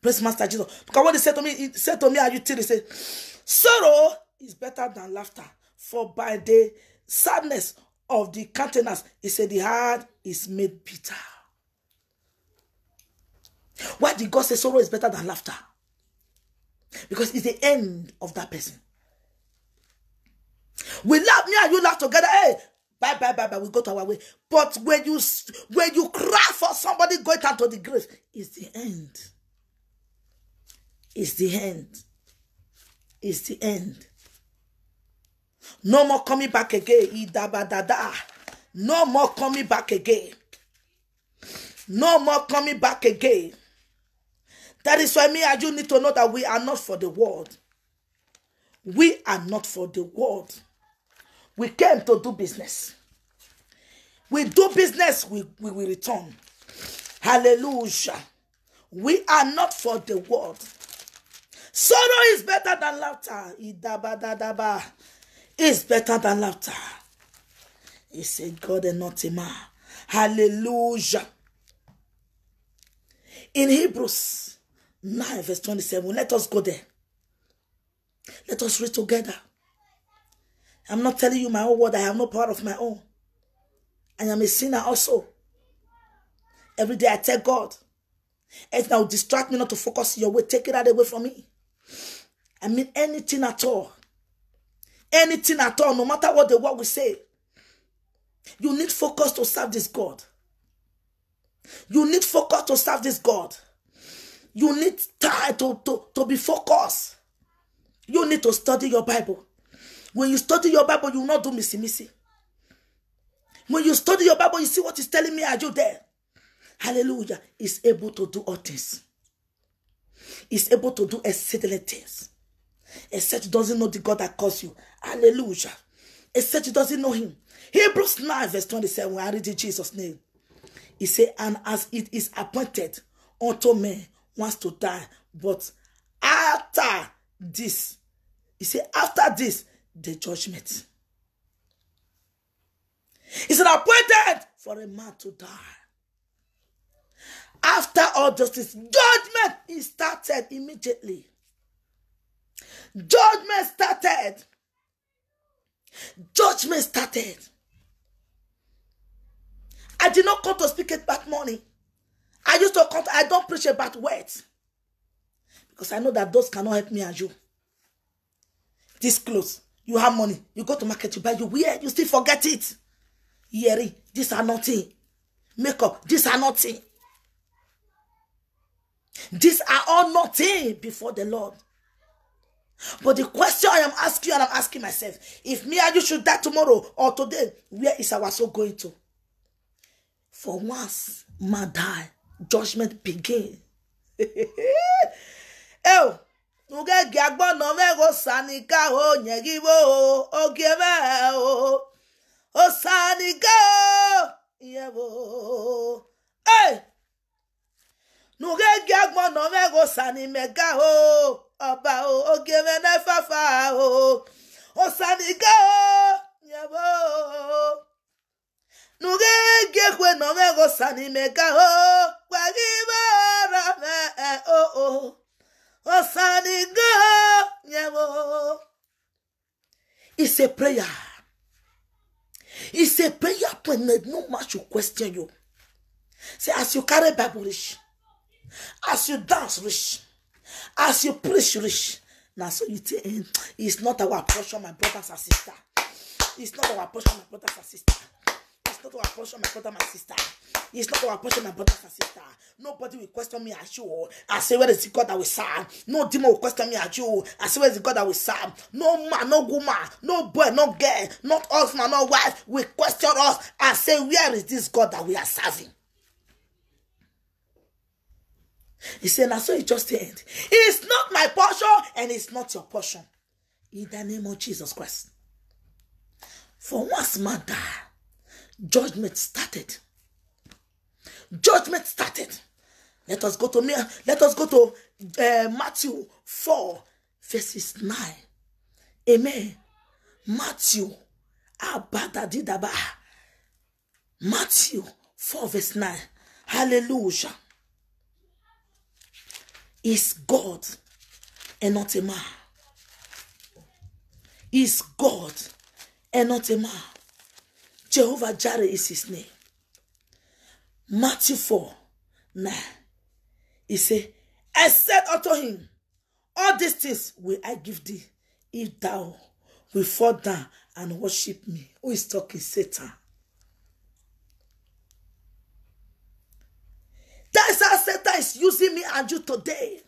Praise Master Jesus. Because what He said to me, he said to me, are you till He said, sorrow is better than laughter. For by the sadness of the countenance, he said, the heart is made bitter. Why did God say sorrow is better than laughter? Because it's the end of that person. We laugh, me and you laugh together. Hey, Bye, bye, bye, bye. We go to our way. But when you when you cry for somebody going down to the grave, it's the end. It's the end. It's the end. No more coming back again. No more coming back again. No more coming back again. That is why me and you need to know that we are not for the world. We are not for the world. We came to do business. We do business, we, we will return. Hallelujah. We are not for the world. Sorrow is better than laughter. Idabadadaba is better than laughter. He said, God and not a man. Hallelujah. In Hebrews 9, verse 27, let us go there. Let us read together. I'm not telling you my own word. I have no power of my own. I am a sinner also. Every day I tell God. It's now distract me not to focus your way. Take it out away from me. I mean anything at all. Anything at all, no matter what the word we say. You need focus to serve this God. You need focus to serve this God. You need time to, to, to be focused. You need to study your Bible. When you study your Bible, you will not do missy missy. When you study your Bible, you see what is telling me. Are you there? Hallelujah. Is able to do all things. Is able to do excellent things. Except you doesn't know the God that calls you. Hallelujah. Except you doesn't know him. Hebrews 9 verse 27. I read in Jesus' name. He said, and as it is appointed unto men wants to die. But after this, he said, after this, the judgment. It's an appointed for a man to die. After all justice, judgment is started immediately. Judgment started. Judgment started. I did not come to speak about money. I used to come. To, I don't preach about words because I know that those cannot help me and you. This close. You have money. You go to market, you buy, you wear, you still forget it. Yeri, these are nothing. Makeup, these are nothing. These are all nothing before the Lord. But the question I am asking you and I'm asking myself, if me and you should die tomorrow or today, where is our soul going to? For once, man die, judgment begin. oh, nke gị agbọnọ mego sanika o nye gị bo oge mee o osanika o ihe bụ ee nke gị agbọnọ mego sanimeka o ọba o oge mee n'efefa o osanika o nye bo nke gị ekwe nọ mego sanimeka o kwa gị bara mee o o osanigo nyewo. It's a prayer. It's a prayer point. No man should question you. See, as you carry Bible rich, as you dance rich, as you preach rich, now so you tell think eh, it's not our portion, my brothers and sisters. It's not our portion, my brothers and sisters not our portion, my brother, my sister. It's not our portion, my brother, my sister. Nobody will question me as you. I say, Where is the God that we serve? No demon will question me as you. I say, Where is the God that we serve? No man, no woman, no boy, no girl, not husband, no wife will question us and say, Where is this God that we are serving? He said, Now so it just end. It's not my portion and it's not your portion. In the name of Jesus Christ. For once, man judgment started. Judgment started. Let us go to me. let us go to uh, Matthew 4 verses 9. Amen. Matthew abadadidaba. Matthew 4 verse 9. Hallelujah. Is God and not a man. Is God and not a man. Jehovah Jireh is his name. Matthew 4 9. He said, I said unto him, All these things will I give thee if thou will fall down and worship me. Who is talking? Satan. That's how Satan is using me and you today.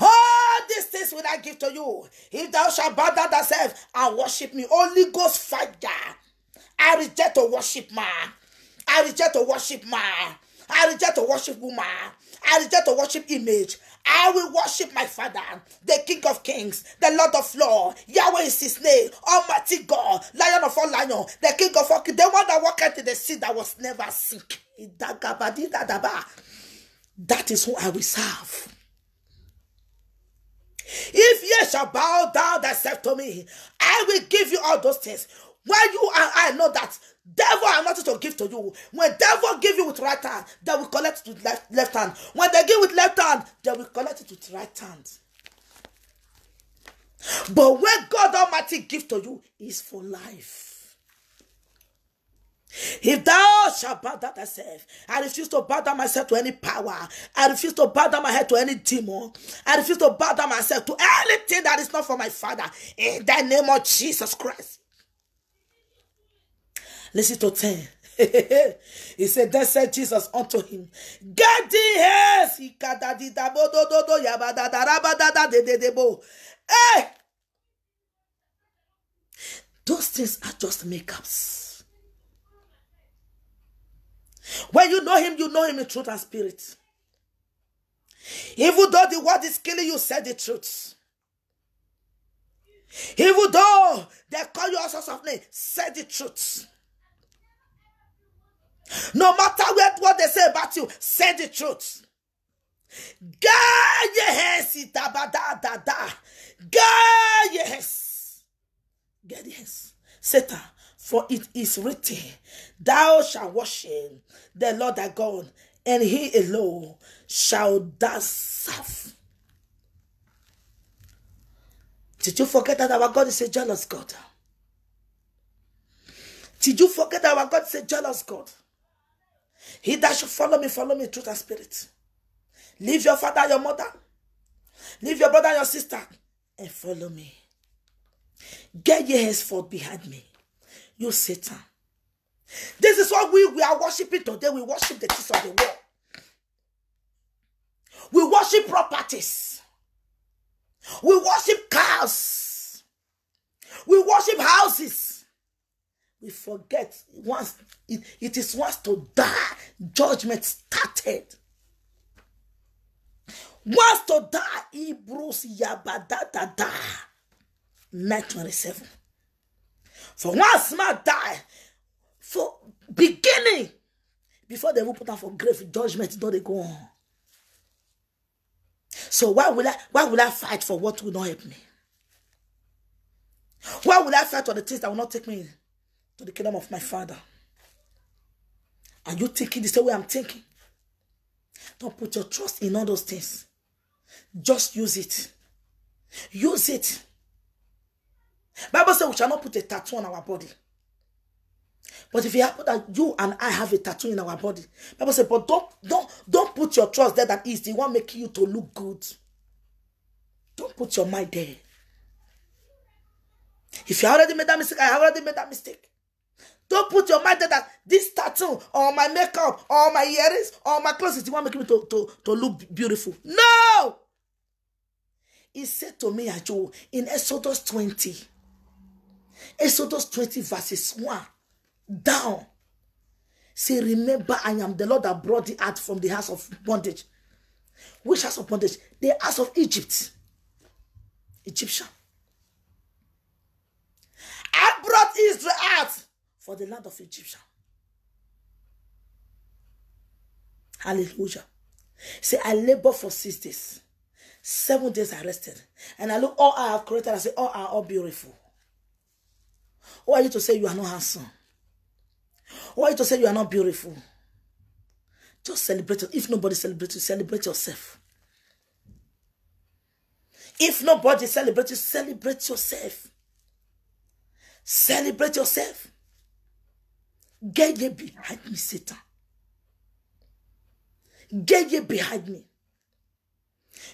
Oh! these things will I give to you. If thou shalt bow down thyself and worship me, Holy Ghost fire. I reject to worship man. I reject to worship man. I reject to worship woman. I reject to worship image. I will worship my Father, the King of Kings, the Lord of Lords. Yahweh is his name, Almighty God, Lion of all lions, the King of all Kings, the one that walked into the sea that was never sick. That is who I will serve. If ye shall bow down thyself to me, I will give you all those things. When you and I know that devil are not to give to you. When devil give you with right hand, they will collect it with left, left hand. When they give with left hand, they will collect it with right hand. But when God Almighty give to you, is for life. If thou shalt bow down thyself, I refuse to bow down myself to any power. I refuse to bow down my head to any demon. I refuse to bow down myself to anything that is not for my Father. In the name of Jesus Christ. Listen to 10. he said, Then said Jesus unto him, Get thee hence. Hey! Those things are just makeups. When you know him, you know him in truth and spirit. Even though the word is killing you, say the truth. Even though they call you all sorts of names, say the truth. No matter what, what they say about you, say the truth. God, yes, God, yes. God, yes. Satan, for it is written, Thou shalt worship the Lord thy God, and he alone shall thou serve. Did you forget that our God is a jealous God? Did you forget that our God is a jealous God? He that should follow me, follow me, truth and spirit. Leave your father, your mother. Leave your brother, your sister, and follow me. Get your hands forth behind me. you Satan. This is what we, we are worshiping today. We worship the things of the world. We worship properties. We worship cars. We worship houses. We forget once it, it is once to die, judgment started. Once to die, Hebrews Yabadadada. 927. For once man die, for beginning, before they even put out for grave judgment, don't they go on? So why will I why will I fight for what will not help me? Why will I fight for the things that will not take me to the kingdom of my father? Are you thinking the same way I'm thinking? Don't put your trust in all those things. Just use it. Use it Bible says we shall not put a tattoo on our body. But if you happen that you and I have a tattoo in our body, Bible says, but don't don't don't put your trust there that is the one making you to look good. Don't put your mind there. If you already made that mistake, I already made that mistake. Don't put your mind there that this tattoo or my makeup or my earrings or my clothes is the one making me to, to, to look beautiful. No! He said to me, Ajo, in Exodus 20, Exodus 20, verses 1 down. Say, Remember, I am the Lord that brought thee out from the house of bondage. Which house of bondage? The house of Egypt. Egyptian. I brought Israel out for the land of Egyptian. Hallelujah. Say, I labor for six days. Seven days I rested. And I look, all I have created, I say, all are all beautiful. Who are you to say you are not handsome? Who are you to say you are not beautiful? Just celebrate. If nobody celebrates you, celebrate yourself. If nobody celebrates you, celebrate yourself. Celebrate yourself. Get ye behind me, Satan. Get ye behind me.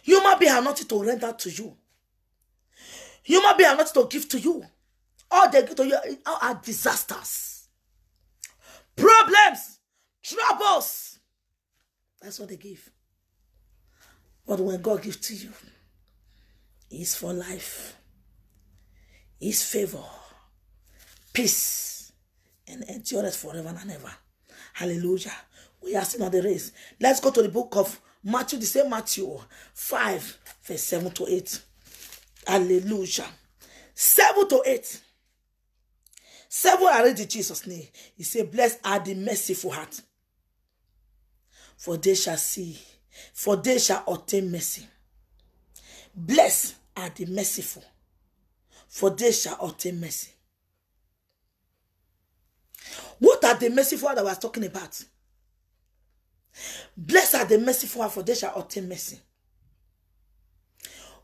Human being are not to render to you. Human being are not to give to you all they give to you are disasters, problems, troubles. That's what they give. But when God gives to you, it's for life, is favor, peace, and endurance forever and ever. Hallelujah. We are still on the race. Let's go to the book of Matthew, the same Matthew 5, verse 7 to 8. Hallelujah. 7 to 8. Seven are ready Jesus' name. He said, Blessed are the merciful heart, for they shall see, for they shall obtain mercy. Blessed are the merciful, for they shall obtain mercy. What are the merciful that I was talking about? Blessed are the merciful, for they shall obtain mercy.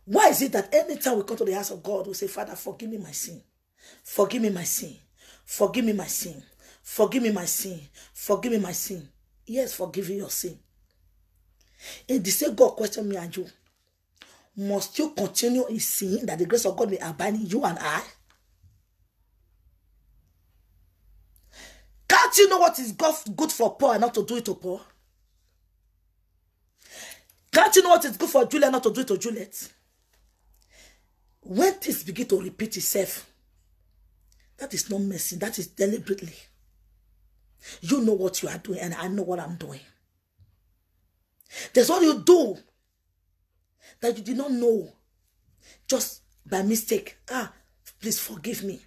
Why is it that anytime we come to the house of God, we say, Father, forgive me my sin. Forgive me my sin. Forgive me my sin. Forgive me my sin. Forgive me my sin. Yes, forgive you your sin. And the same God question me and you. Must you continue in sin that the grace of God may abide in you and I? Can't you know what is good for Paul and not to do it to Paul? Can't you know what is good for Juliet not to do it to Juliet? When things begin to repeat itself, That is not mercy, that is deliberately. You know what you are doing, and I know what I'm doing. There's what you do that you did not know just by mistake. Ah, please forgive me.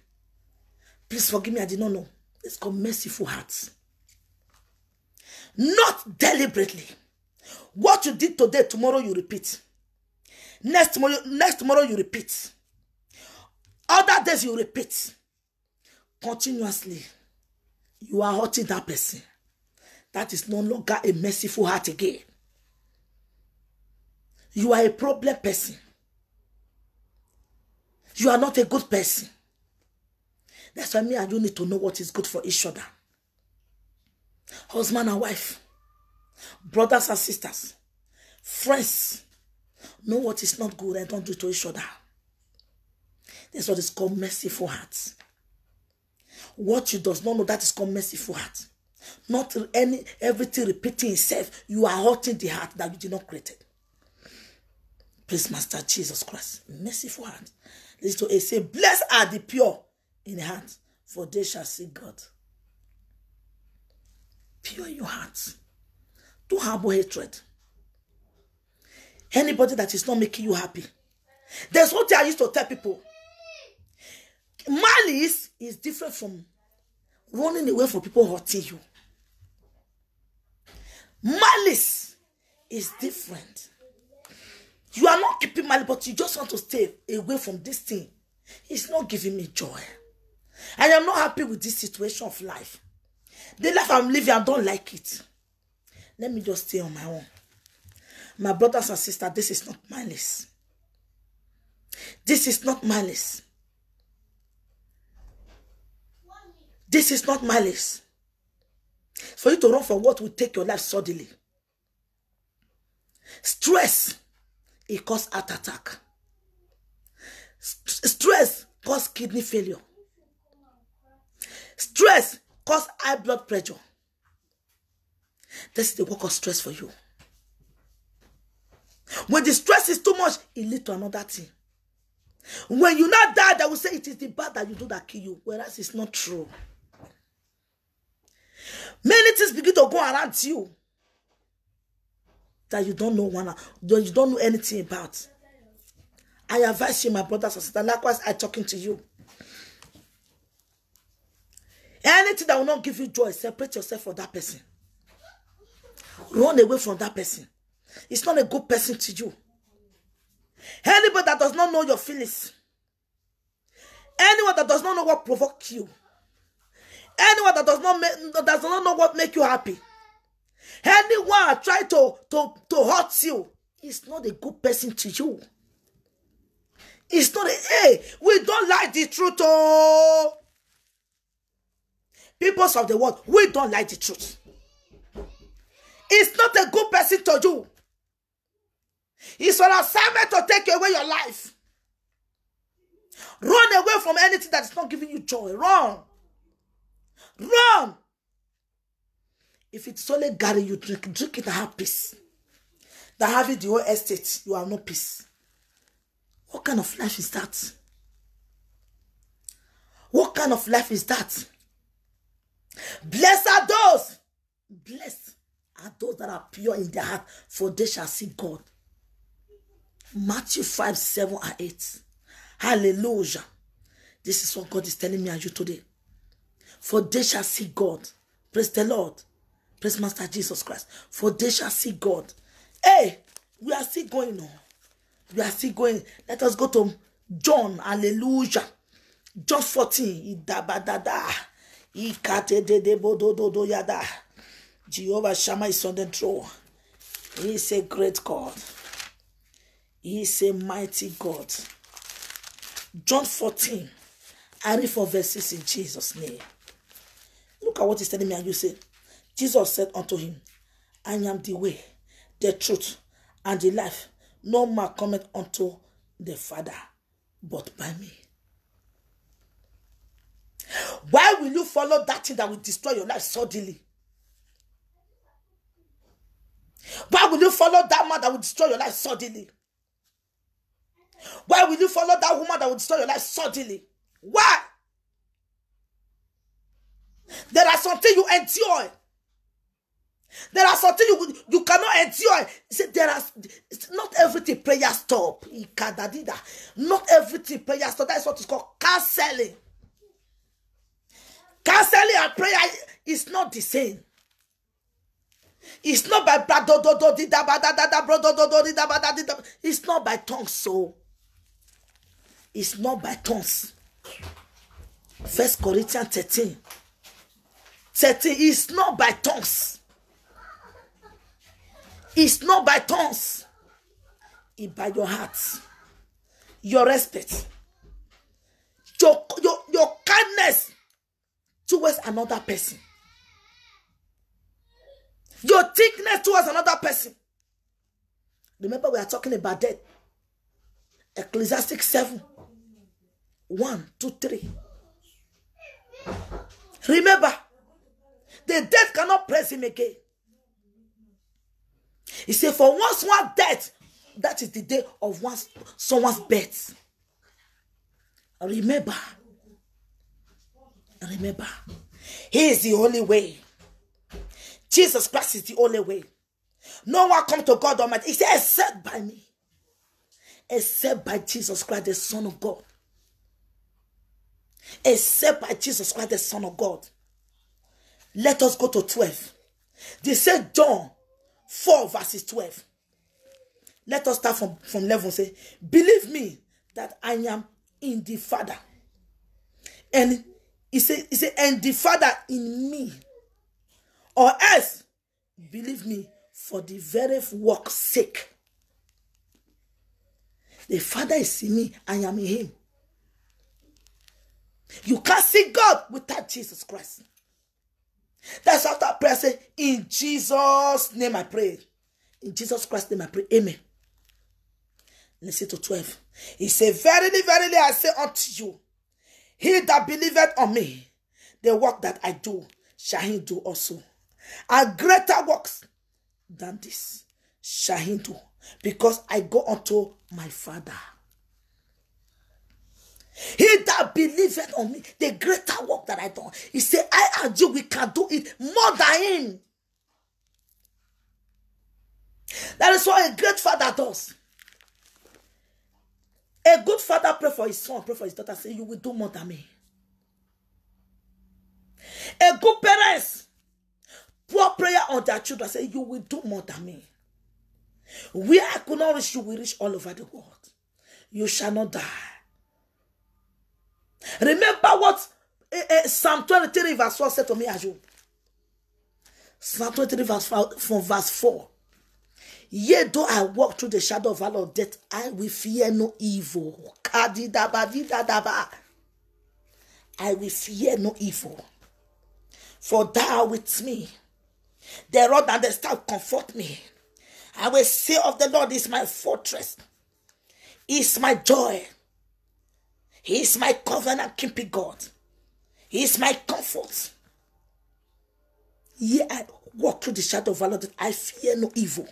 Please forgive me, I did not know. It's called merciful hearts. Not deliberately. What you did today, tomorrow you repeat. Next tomorrow, next tomorrow you repeat. Other days you repeat continuously you are hurting that person that is no longer a merciful heart again you are a problem person you are not a good person that's why me and you need to know what is good for each other husband and wife brothers and sisters friends know what is not good and don't do to each other that's what is called merciful hearts What you does not know, that is called merciful heart. Not any everything repeating itself. You are hurting the heart that you did not create. Please, Master Jesus Christ, merciful heart. Listen to it. Say, blessed are the pure in heart, for they shall see God. Pure in your heart. Don't harbor hatred. Anybody that is not making you happy. There's what I used to tell people malice is different from running away from people hurting you malice is different you are not keeping malice but you just want to stay away from this thing it's not giving me joy i am not happy with this situation of life the life i'm living i don't like it let me just stay on my own my brothers and sisters this is not malice this is not malice This is not malice. For you to run from what will take your life suddenly. Stress, it causes heart attack. St stress causes kidney failure. Stress causes high blood pressure. This is the work of stress for you. When the stress is too much, it leads to another thing. When you not die, they will say it is the bad that you do that kill you, whereas it's not true. Many things begin to go around you that you don't know one, you don't know anything about. I advise you, my brothers and sisters. Likewise, I'm talking to you. Anything that will not give you joy, separate yourself from that person. Run away from that person. It's not a good person to you. Anybody that does not know your feelings, anyone that does not know what provokes you, anyone that does not make, does not know what make you happy anyone try to to to hurt you is not a good person to you it's not a hey we don't like the truth oh peoples of the world we don't like the truth it's not a good person to you it's an assignment to take away your life run away from anything that is not giving you joy run Run! If it's only Gary you drink, drink it and have peace. That having the whole estate, you have no peace. What kind of life is that? What kind of life is that? Blessed are those. Blessed are those that are pure in their heart, for they shall see God. Matthew 5, 7 and 8. Hallelujah. This is what God is telling me and you today for they shall see God. Praise the Lord. Praise Master Jesus Christ. For they shall see God. Hey, we are still going on. Oh. We are still going. Let us go to John. Hallelujah. John 14. Idabadada. Ikate de de bodododo yada. Jehovah Shammah is on the throne. He is a great God. He is a mighty God. John 14. I read for verses in Jesus' name. Look at what he's telling me and you say, Jesus said unto him, I am the way, the truth, and the life. No man cometh unto the Father but by me. Why will you follow that thing that will destroy your life suddenly? Why will you follow that man that will destroy your life suddenly? Why will you follow that woman that will destroy your life suddenly? Why? There are something you endure. There are something you you cannot endure. See, there are not everything prayer stop. Not everything prayer stop. That is what is called canceling. Canceling and prayer is not the same. It's not by it's not by tongues, so it's not by tongues. First Corinthians 13 certain it's not by tongues it's not by tongues It by your heart your respect your your your kindness towards another person your thickness towards another person remember we are talking about that ecclesiastes seven one two three remember The death cannot press him again. He said, For once one death, that is the day of one's, someone's birth. Remember, remember, He is the only way. Jesus Christ is the only way. No one come to God Almighty. He said, except by me. Except by Jesus Christ, the Son of God. Except by Jesus Christ, the Son of God. Let us go to 12. They said John 4 verses 12. Let us start from, from 11. Say, believe me that I am in the Father. And he said, he said, and the Father in me. Or else, believe me, for the very work's sake. The Father is in me, I am in him. You can't see God without Jesus Christ. That's after prayer. Say, in Jesus' name I pray. In Jesus Christ's name I pray. Amen. Listen to 12. He said, Verily, verily, I say unto you, he that believeth on me, the work that I do, shall he do also. And greater works than this shall he do, because I go unto my Father. He that believeth on me, the greater work that I done. He said, I and you, we can do it more than him. That is what a great father does. A good father pray for his son, pray for his daughter, say, You will do more than me. A good parents pour prayer on their children, say, You will do more than me. Where I could not reach, you will reach all over the world. You shall not die. Remember what uh, uh, Psalm 23 verse 4 said to me, Ajo. Psalm 23 verse 4, from verse 4. Yea, though I walk through the shadow of valley of death, I will fear no evil. I will fear no evil. For thou with me. The rod and the staff comfort me. I will say of the Lord is my fortress, is my joy. He is my covenant keeping God. He is my comfort. Yea, I walk through the shadow of Allah, I fear no evil.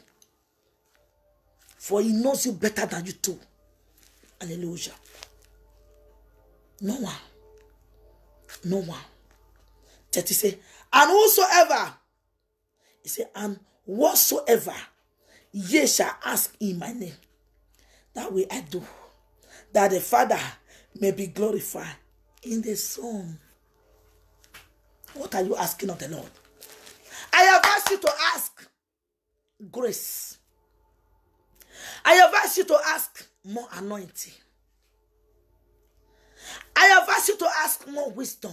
For he knows you better than you do. Hallelujah. No one. No one. That he say, and whosoever. He say, and whatsoever ye shall ask in my name, that way I do. That the Father may be glorified in the Son. What are you asking of the Lord? I have asked you to ask grace. I have asked you to ask more anointing. I have asked you to ask more wisdom,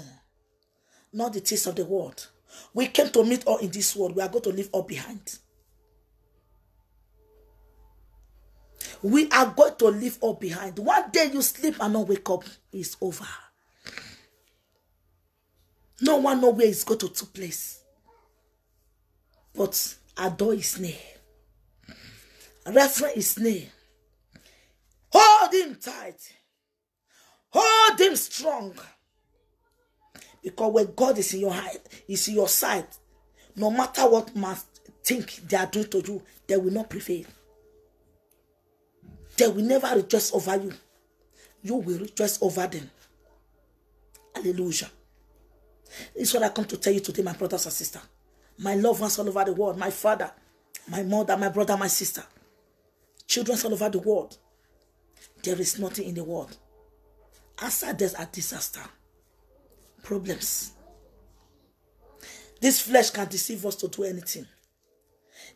not the taste of the world. We came to meet all in this world. We are going to leave all behind. We are going to leave all behind. One day you sleep and not wake up, it's over. No one know where it's going to take place. But our door is near. Reference is near. Hold him tight. Hold him strong. Because when God is in your hand, is in your side, no matter what man think they are doing to you, they will not prevail. They will never rejoice over you. You will rejoice over them. Hallelujah. It's what I come to tell you today, my brothers and sisters. My loved ones all over the world, my father, my mother, my brother, my sister, children all over the world. There is nothing in the world. After there's a disaster, problems. This flesh can deceive us to do anything.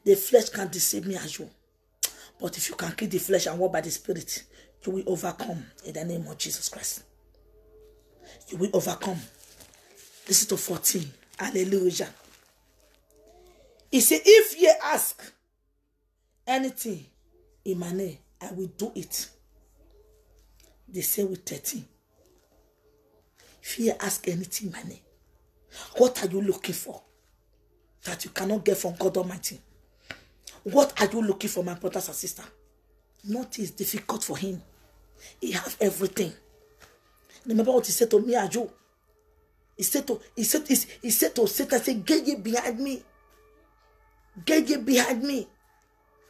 The flesh can deceive me as you. Well. But if you can kill the flesh and walk by the Spirit, you will overcome in the name of Jesus Christ. You will overcome. Listen to 14. Hallelujah. He said, If ye ask anything in my name, I will do it. They say with 13. If ye ask anything in my name, what are you looking for that you cannot get from God Almighty? What are you looking for, my brothers and sisters? Nothing is difficult for him. He has everything. Remember what he said to me, Ajo? He said to he said he, he said to Satan, say, get ye behind me. Get ye behind me.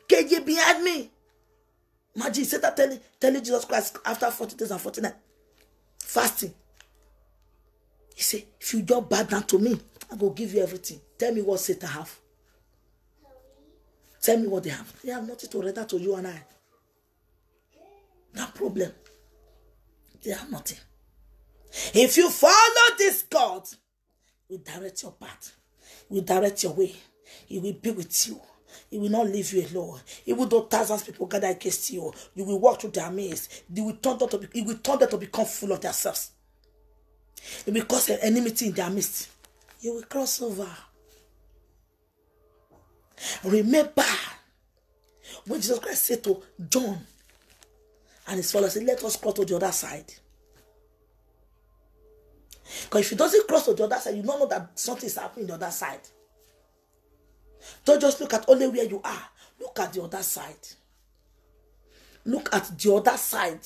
Get ye behind me. Imagine Satan telling telling Jesus Christ after forty days and forty nights. Fasting. He say if you just bow down to me, I go give you everything. Tell me what Satan have. Tell me what they have. They have nothing to render to you and I. No problem. They have nothing. If you follow this God, will direct your path, will direct your way. He will be with you. He will not leave you alone. Even though thousands of people gather against you, you will walk through their midst. They will turn them to be, it will turn them to become full of themselves. It will cause an enmity in their midst. You will cross over. Remember when Jesus Christ said to John and his father, "Say, Let us cross to the other side. Because if you doesn't cross to the other side, you don't know that something is happening the other side. Don't just look at only where you are. Look at the other side. Look at the other side.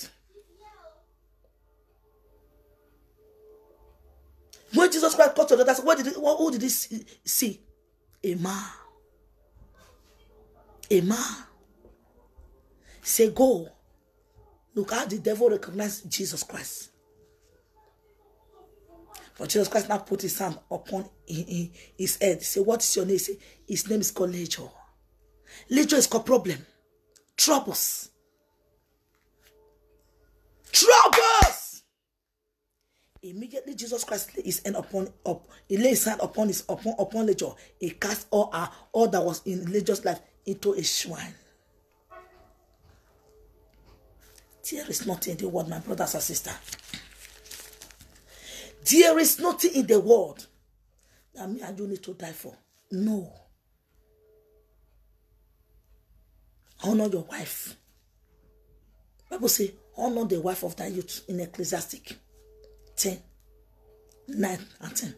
When Jesus Christ crossed to the other side, what did he, what, who did he see? see? A man a man say, Go. Look how the devil recognized Jesus Christ. For Jesus Christ now put his hand upon his head. Say What is your name? Say His name is called Lejo. Lejo is called problem, troubles. Troubles! Immediately Jesus Christ laid his hand upon up, he laid his hand upon his upon upon Lejo. He cast all uh, all that was in Lejo's life into a shrine. There is nothing in the world, my brothers and sisters. There is nothing in the world that me and you need to die for. No. Honor your wife. Bible say, honor the wife of thy youth in Ecclesiastic 10, 9 and 10.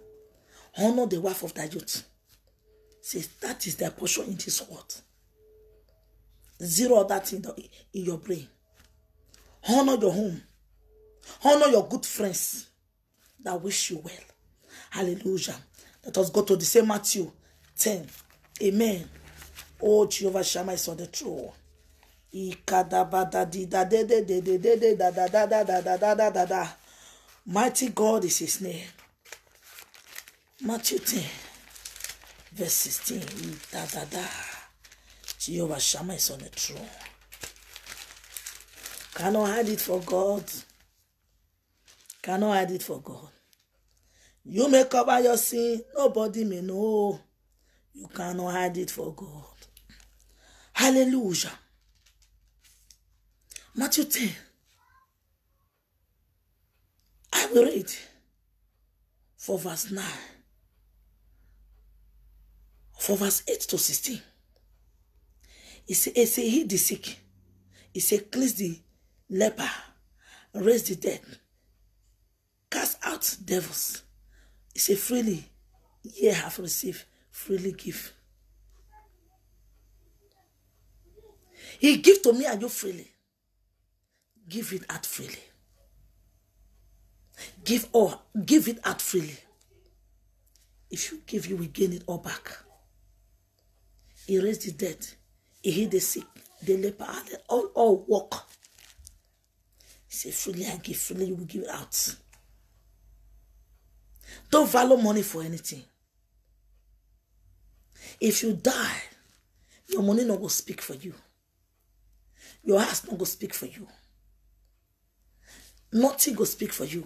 Honor the wife of thy youth. Says that is their portion in this world. Zero other thing in your brain. Honor your home. Honor your good friends that wish you well. Hallelujah. Let us go to the same Matthew 10. Amen. Oh, Jehovah Shammah is on the throne. Mighty God is his name. Matthew 10, verse 16. Da, da, da. Jehovah Shammah is on the throne. Cannot hide it for God. Cannot hide it for God. You may cover your sin, nobody may know. You cannot hide it for God. Hallelujah. Matthew 10. I will read for verse 9, for verse 8 to 16. He said, he said, heal the sick. He said, cleanse the leper, raise the dead, cast out devils. He said, freely, ye have received, freely give. He give to me and you freely. Give it out freely. Give all, give it out freely. If you give, you will gain it all back. He raised the dead. He healed the sick, the leper, all, all walk. Say freely and give, freely you will give it out. Don't value money for anything. If you die, your money not go speak for you. Your house not go speak for you. Nothing go speak for you.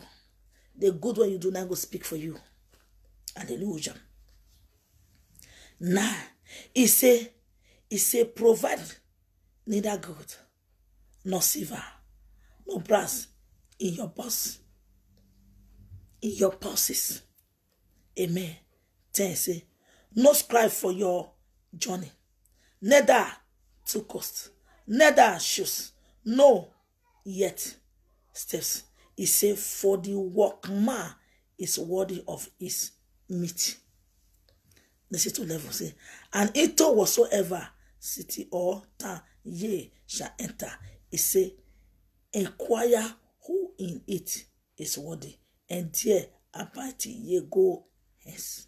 The good one you do not go speak for you. Hallelujah. Now, he say, He said, provide neither gold nor silver, nor brass in your purse, in your purses. Amen. Then he say, no scribe for your journey, neither to cost, neither shoes, no yet steps. He said, for the workman is worthy of his meat. Listen to level say, and into whatsoever city or town ye shall enter. He say, inquire who in it is worthy, and there abide ye go hence.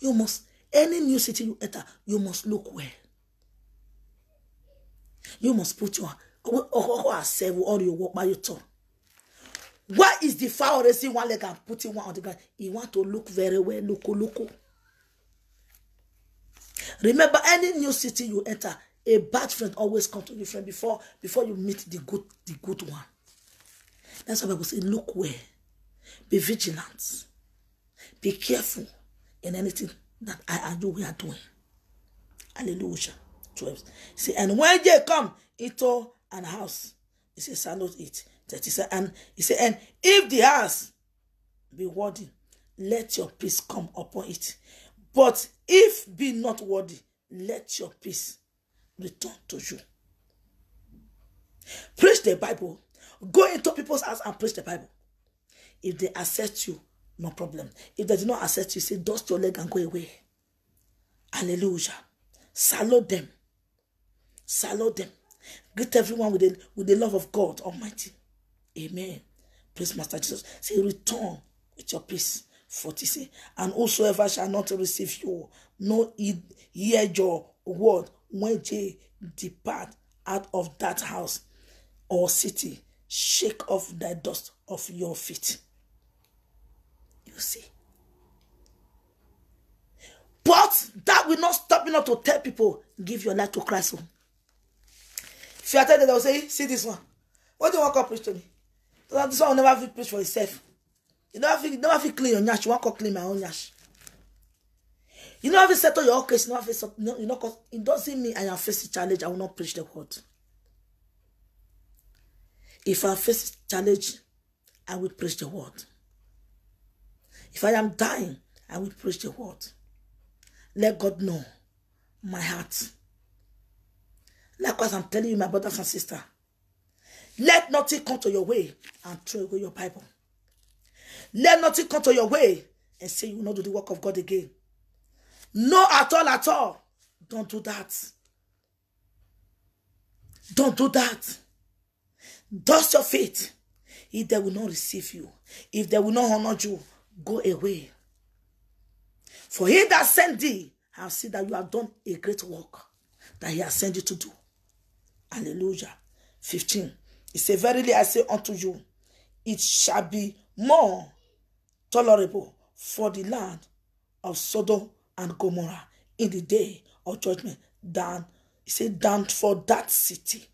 You must any new city you enter, you must look well. You must put your oh, all your work by your tongue. Why is the fowl raising one leg and putting one on the ground? You want to look very well, loco, loco. Remember, any new city you enter, a bad friend always comes to your friend before before you meet the good the good one. That's why Bible say, look where, be vigilant, be careful in anything that I and you we are doing. Hallelujah. 12. See, and when they come into an house, he says, sandals it. 37. And he said, and if the house be worthy, let your peace come upon it. But if be not worthy, let your peace return to you. Preach the Bible. Go into people's house and preach the Bible. If they accept you, no problem. If they do not accept you, say, dust your leg and go away. Hallelujah. Salute them. Salute them. Greet everyone with the, with the love of God Almighty. Amen. Praise Master Jesus. Say, return with your peace. 40 say, And whosoever shall not receive you, no hear your word when they depart out of that house or city, shake off the dust of your feet. You see. But that will not stop me not to tell people, give your life to Christ. If you are they will say, see this one. What do you want to preach to me? This one will never preach for himself. You don't have to, don't clean your nyash. You want to clean my own nyash. You don't have to settle your own case. You don't have to settle, you know, cause it doesn't mean I am facing challenge. I will not preach the word. If I face challenge, I will preach the word. If I am dying, I will preach the word. Let God know my heart. Likewise, I'm telling you, my brothers and sisters, let nothing come to your way and throw away your Bible. Let nothing come to your way and say you will not do the work of God again. No, at all, at all. Don't do that. Don't do that. Dust your feet. If they will not receive you, if they will not honor you, go away. For he that sent thee, I see that you have done a great work that he has sent you to do. Hallelujah. 15. He said, Verily I say unto you, it shall be more tolerable for the land of Sodom and Gomorrah in the day of judgment than he said than for that city.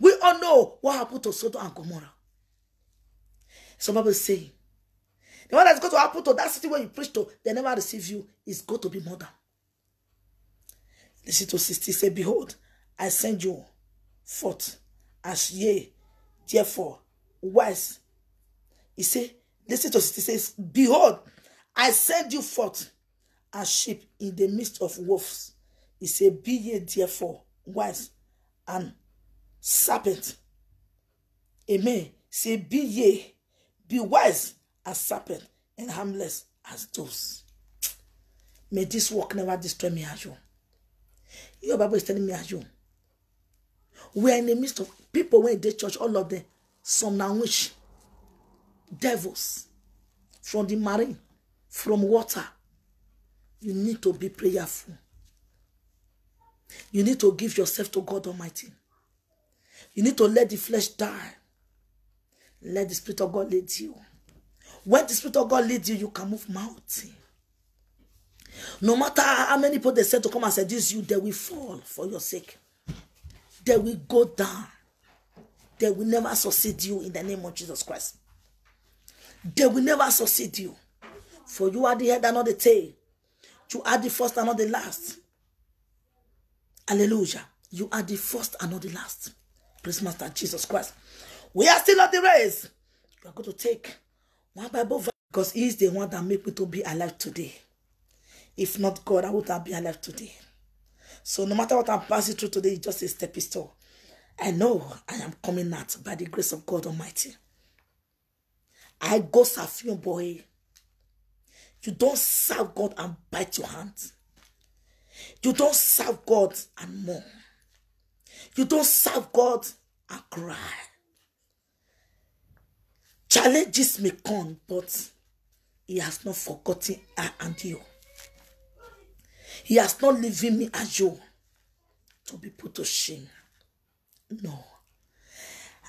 We all know what happened to Sodom and Gomorrah. Some people say the one that's going to happen to that city where you preach to, they never receive you, is going to be murder. Listen to 60 say, Behold, I send you forth as ye, therefore, wise. He said, Listen to it says, Behold, I send you forth as sheep in the midst of wolves. He said, Be ye therefore wise and serpent. Amen. Say, Be ye, be wise as serpent and harmless as doves. May this work never destroy me as you. Your Bible is telling me as you. We are in the midst of people when they church, all of them, some now which devils from the marine, from water. You need to be prayerful. You need to give yourself to God Almighty. You need to let the flesh die. Let the Spirit of God lead you. When the Spirit of God leads you, you can move mountains. No matter how many people they say to come and seduce you, they will fall for your sake. They will go down. They will never succeed you in the name of Jesus Christ. They will never succeed you. For you are the head and not the tail. You are the first and not the last. Hallelujah. You are the first and not the last. Praise Master Jesus Christ. We are still at the race. You are going to take one Bible verse because He is the one that made me to be alive today. If not God, I would not be alive today. So no matter what I'm passing through today, it's just a stepping stone. I know I am coming out by the grace of God Almighty. I go serve you, boy. You don't serve God and bite your hand. You don't serve God and mourn. You don't serve God and cry. Challenges may come, but He has not forgotten I and you. He has not leaving me as you to be put to shame. No.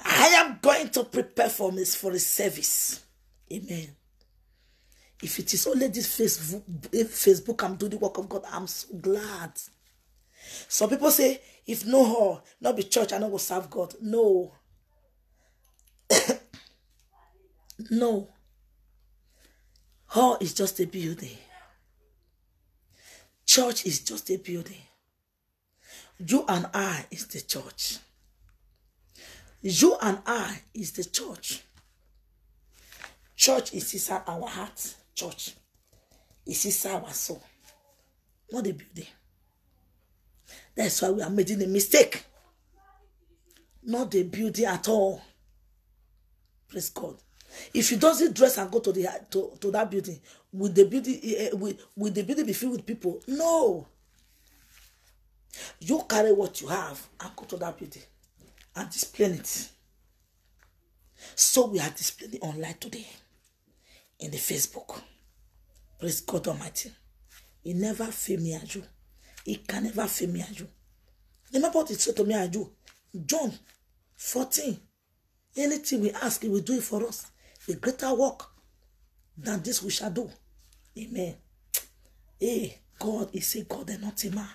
I am going to prepare for his for his service. Amen. If it is only this Facebook, Facebook, I'm doing the work of God. I'm so glad. Some people say, if no hall, not be church, I don't go serve God. No. no. Hall is just a building. Church is just a building. You and I is the church. You and I is the church. Church is inside our heart. Church is inside our soul. Not the building. That's why we are making a mistake. Not the building at all. Praise God. If you don't dress and go to the to, to that building, will the building uh, will, will the building be filled with people? No. You carry what you have and go to that building and displaying it. So we are displaying online today in the Facebook. Praise God Almighty. He never fail me as He can never fail me as you. Remember what he said to me as John 14. Anything we ask, he will do it for us. A greater work than this we shall do. Amen. Hey, God is a God and not a man.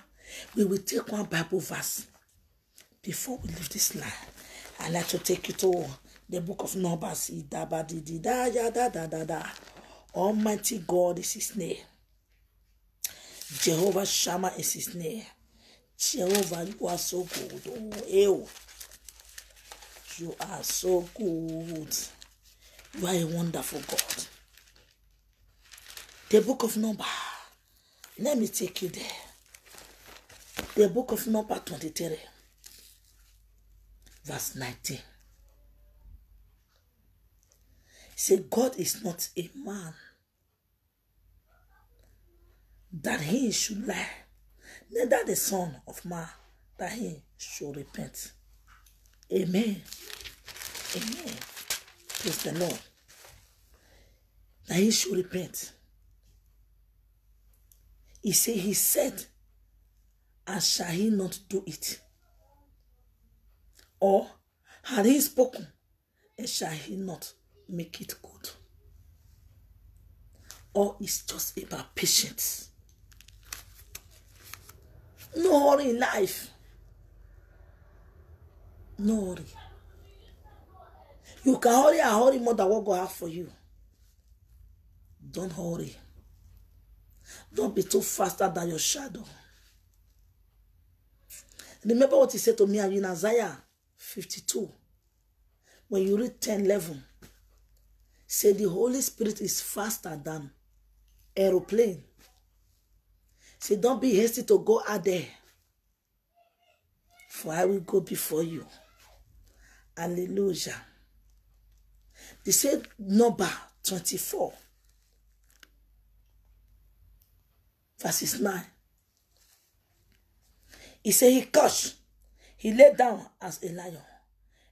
We will take one Bible verse before we leave this land, I'd like to take you to the book of Numbers. Almighty God is his name. Jehovah Shammah is his name. Jehovah, you are so good. Oh, ew. You are so good. You are a wonderful God. The book of Numbers. Let me take you there. The book of Numbers 23 verse 19. Say, God is not a man that he should lie, neither the Son of Man that he should repent. Amen. Amen. Praise the Lord. That he should repent. He said, He said, and shall he not do it? or had he spoken, and eh, shall he not make it good? Or is just about patience. No hurry life. No hurry. You can hurry and hurry more than what God have for you. Don't hurry. Don't be too faster than your shadow. Remember what he said to me in Isaiah 52, when you read 10 11, say the Holy Spirit is faster than aeroplane. Say, don't be hasty to go out there, for I will go before you. Hallelujah. They said number 24, verses 9. He said, He cursed He lay down as a lion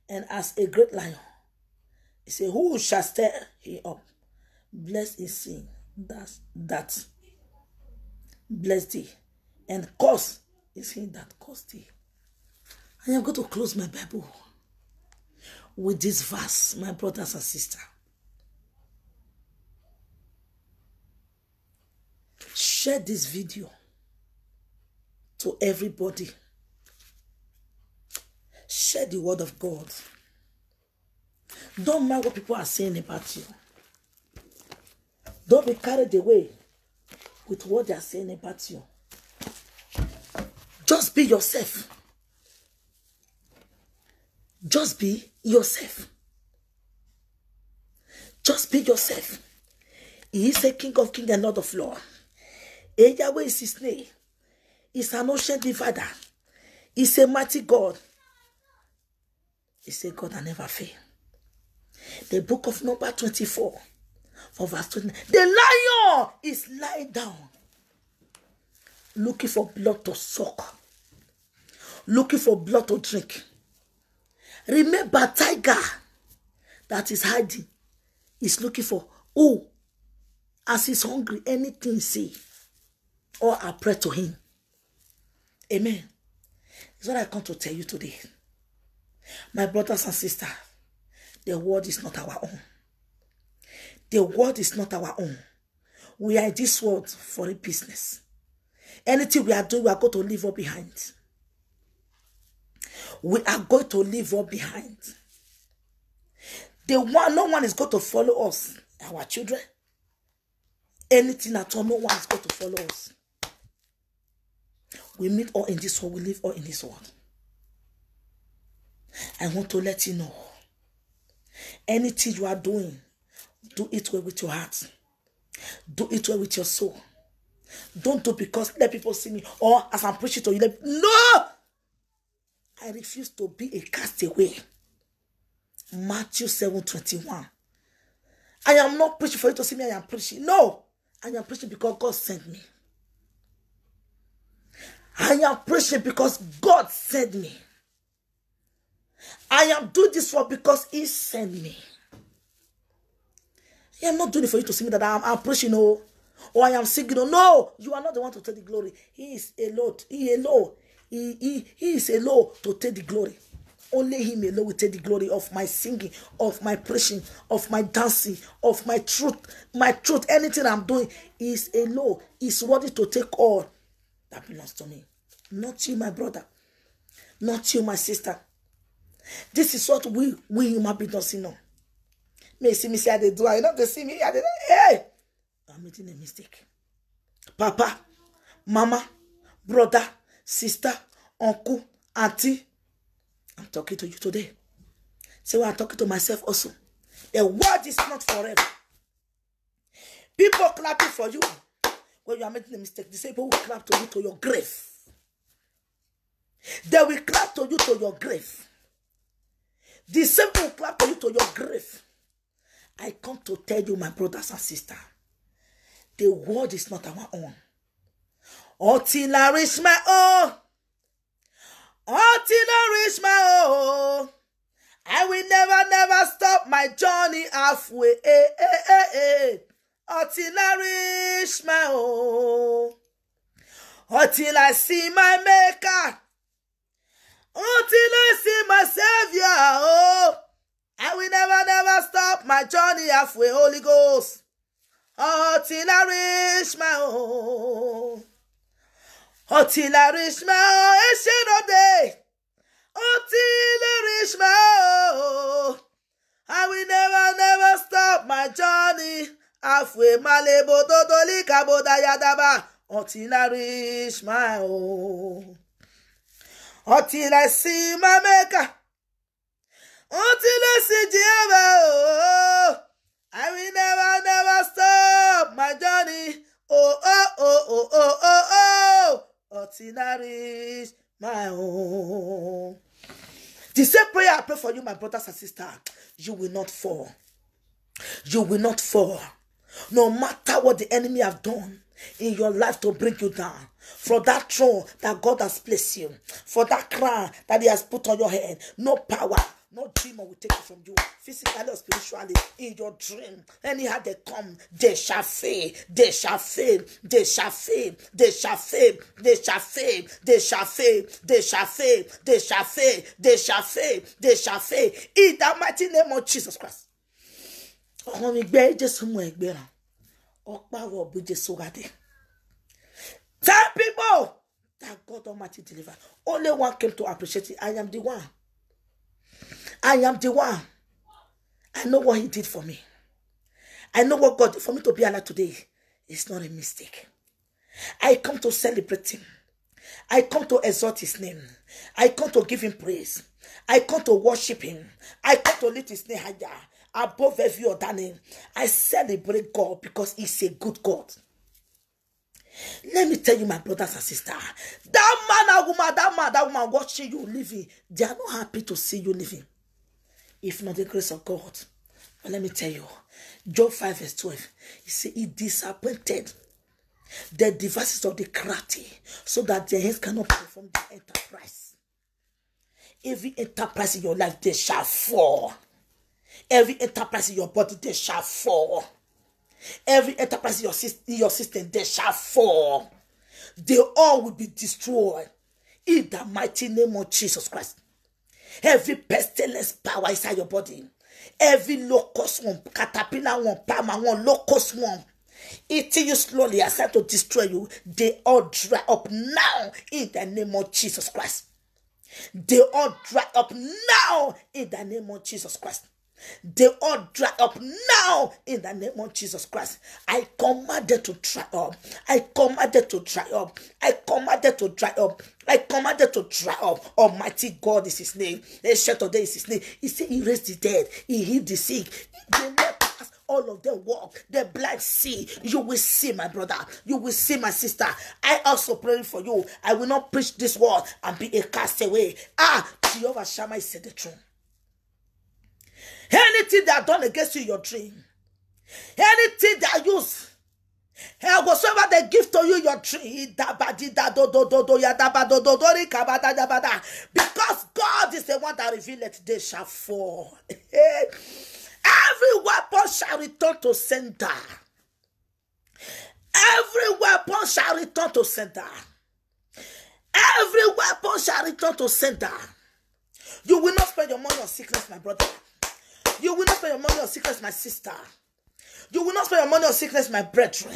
and as a great lion. He said, Who shall stir him up? Blessed is he that, that blessed thee, and curse is he that cursed thee. I am going to close my Bible with this verse, my brothers and sisters. Share this video to everybody Share the word of God. Don't mind what people are saying about you. Don't be carried away with what they are saying about you. Just be yourself. Just be yourself. Just be yourself. He is a king of kings and lord of lords. Yahweh is his name. He's an ocean divider. He's a mighty God. He said, God, I never fail. The book of number 24, for verse 29. The lion is lying down, looking for blood to suck, looking for blood to drink. Remember, tiger that is hiding is looking for, who, oh, as he's hungry, anything he see or I pray to him. Amen. It's what I come to tell you today. My brothers and sisters, the world is not our own. The world is not our own. We are in this world for a business. Anything we are doing, we are going to leave all behind. We are going to leave all behind. The one, no one is going to follow us, our children. Anything at all, no one is going to follow us. We meet all in this world, we live all in this world. I want to let you know anything you are doing, do it well with your heart, do it well with your soul. Don't do because let people see me or as I'm preaching to you. Let, no, I refuse to be a castaway. Matthew 7 21. I am not preaching for you to see me. I am preaching. No, I am preaching because God sent me. I am preaching because God sent me. I am doing this for because he sent me. I am not doing it for you to see me that I'm, I'm preaching, oh, or I am singing. Oh. no, you are not the one to take the glory. He is a Lord. He alone. He, he, he is alone to take the glory. Only him alone will take the glory of my singing, of my preaching, of my dancing, of my truth, my truth, anything I'm doing is alone, is worthy to take all that belongs to me. Not you, my brother. Not you, my sister. This is what we we human beings don't see now. May see me see how they do. I you know they see me. They, hey, I'm making a mistake. Papa, mama, brother, sister, uncle, auntie. I'm talking to you today. so I'm talking to myself also. The world is not forever. People clapping for you when you are making a mistake. The same people will clap to you to your grave. They will clap to you to your grave. The same will clap you to your grave. I come to tell you, my brothers and sisters, the world is not our own. Until I reach my own, until I reach my own, I will never, never stop my journey halfway. Until I reach my own, until I see my maker. Until I see my Savior, oh, I will never, never stop my journey halfway, Holy Ghost. Until I reach my home. Until I reach my ancient of day. Until I reach my home. I will never, never stop my journey. Halfway, Malebo, Dodoli, Kabo, Dayadaba. Until I reach my home ọtịlesị mameka ọtịlesị jiaba ooo I will never never stop my journey oh oh oh oh oh oh oh until I reach my home. The same prayer I pray for you, my brothers and sisters, you will not fall. You will not fall. No matter what the enemy have done in your life to bring you down, For that throne that God has placed you, for that crown that He has put on your head. No power no demon will take it from you physically or spiritually in your dream anyhow they come they shall fail they shall fail they shall fail they shall fail they shall fail they shall fail they shall fail they shall fail they shall fail they shall fail in the mighty name of jesus christ ọmọ mi gbé jésù mọ ẹgbẹ́ ràn ọ̀pá wọ̀ bí jésù wà dé. Ten people that God Almighty delivered. Only one came to appreciate it. I am the one. I am the one. I know what He did for me. I know what God did for me to be alive today. It's not a mistake. I come to celebrate Him. I come to exalt His name. I come to give Him praise. I come to worship Him. I come to lift His name higher above every other name. I celebrate God because He's a good God. Let me tell you, my brothers and sisters, that man that woman, that man, that woman watching you living, they are not happy to see you living. If not the grace of God. But let me tell you, Job 5 verse 12, he said, He disappointed the devices of the crafty so that their hands cannot perform the enterprise. Every enterprise in your life, they shall fall. Every enterprise in your body, they shall fall. Every enterprise in your, in your system, they shall fall. They all will be destroyed. In the mighty name of Jesus Christ. Every pestilence power inside your body. Every locust one, caterpillar one, palmer one, locust one, eating you slowly as to destroy you. They all dry up now in the name of Jesus Christ. They all dry up now in the name of Jesus Christ. They all dry up now in the name of Jesus Christ. I commanded to dry up. I commanded to dry up. I commanded to dry up. I commanded to dry up. Almighty God is his name. The Shadow is his name. He said he raised the dead. He healed the sick. He all of them walk. The blind see. You will see, my brother. You will see, my sister. I also pray for you. I will not preach this word and be a castaway. Ah, Jehovah Shammah is the truth. Anything that done against you your dream, anything that use and eh, whatsoever they give to you, your tree, because God is the one that revealed it, they shall fall. Every weapon shall return to center. Every weapon shall return to center. Every weapon shall return to center. You will not spend your money on sickness, my brother. You will not spend your money on secrets, my sister. You will not spend your money on sickness, my brethren.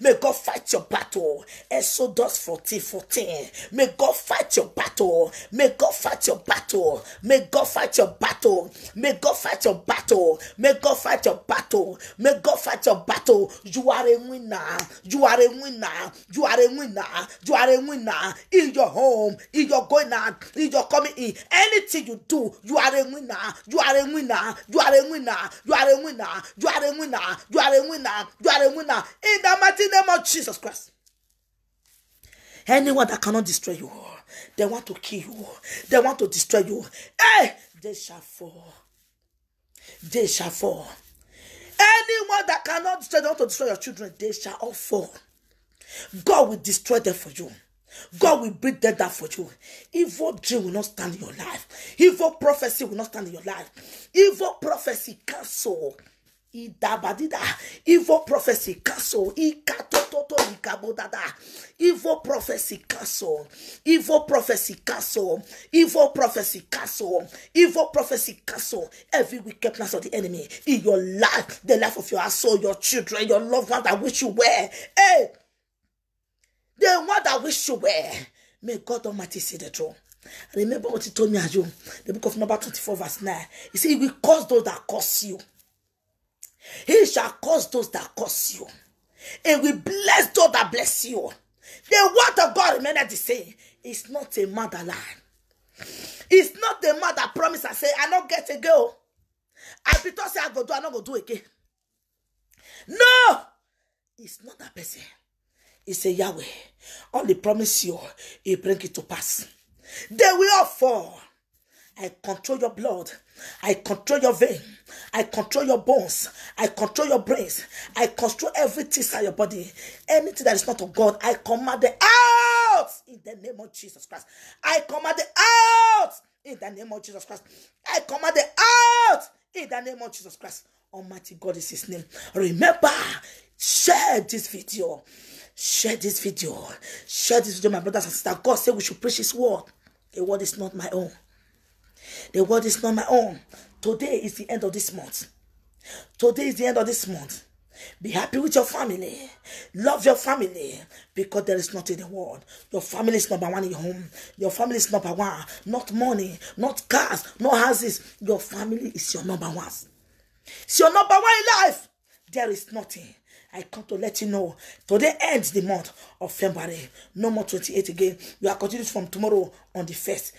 May God fight your battle. Exodus 14 14. May God fight your battle. May God fight your battle. May God fight your battle. May God fight your battle. May God fight your battle. May God fight your battle. You are a winner. You are a winner. You are a winner. You are a winner. In your home, in your going out, in your coming in. Anything you do, you are a winner. You are a winner. You are a winner. You are a winner. You are a winner. You are a winner. You are a winner. In the mighty name of Jesus Christ. Anyone that cannot destroy you, they want to kill you, they want to destroy you. Hey, eh, they shall fall. They shall fall. Anyone that cannot destroy, they want to destroy your children, they shall all fall. God will destroy them for you. God will bring death down for you. Evil dream will not stand in your life. Evil prophecy will not stand in your life. Evil prophecy cancel idabadida evil prophecy cancel ikatototo ikabodada evil prophecy cancel evil prophecy cancel evil prophecy cancel evil prophecy cancel every wicked plans of the enemy in your life the life of your household your children your loved ones that wish you well hey the one that wish you well may God Almighty see the throne. Remember what he told me at you, the book of number 24, verse 9. He said, we will cause those that curse you. He shall cause those that curse you. and we bless those that bless you. The word of God remained the same. It's not a man lie. It's not the man promise and say, I don't get a girl. I because say I go do, I not go do again. No, it's not that person. It's a Yahweh. Only promise you, he bring it to pass. They will all fall. I control your blood. I control your vein. I control your bones. I control your brains. I control everything inside your body. Anything that is not of God, I command it out in the name of Jesus Christ. I command it out in the name of Jesus Christ. I command it out in the name of Jesus Christ. Almighty God is his name. Remember, share this video. Share this video. Share this video, my brothers and sisters. God said we should preach his word. A word is not my own. The world is not my own. Today is the end of this month. Today is the end of this month. Be happy with your family. Love your family because there is nothing in the world. Your family is number one in your home. Your family is number one. Not money, not cars, No houses. Your family is your number one. It's your number one in life. There is nothing. I come to let you know today ends the month of February. No more 28 again. We are continuing from tomorrow on the 1st.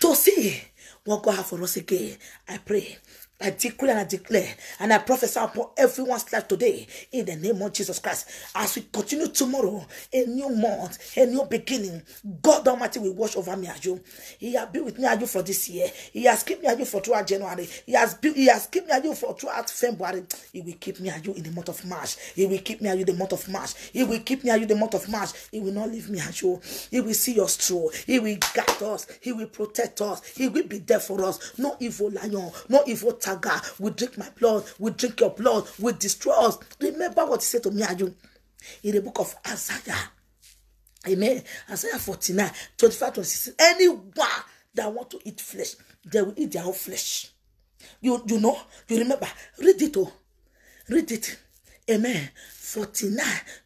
To see What God has for us again. I pray I declare and I declare and I prophesy upon everyone's life today in the name of Jesus Christ. As we continue tomorrow, a new month, a new beginning, God Almighty will watch over me and you. He has been with me and you for this year. He has kept me and you for throughout January. He has been, He has kept me and you for throughout February. He will keep me and you in the month of March. He will keep me and you the month of March. He will keep me and you the month of March. He will not leave me and you. He will see us through. He will guide us. He will protect us. He will be there for us. No evil lion. No evil. T- Taga. We drink my blood. We drink your blood. We destroy us. Remember what he said to me and in the book of Isaiah. Amen. Isaiah 49, 25, 26. Anyone that want to eat flesh, they will eat their own flesh. You you know, you remember. Read it oh. Read it. Amen. 49,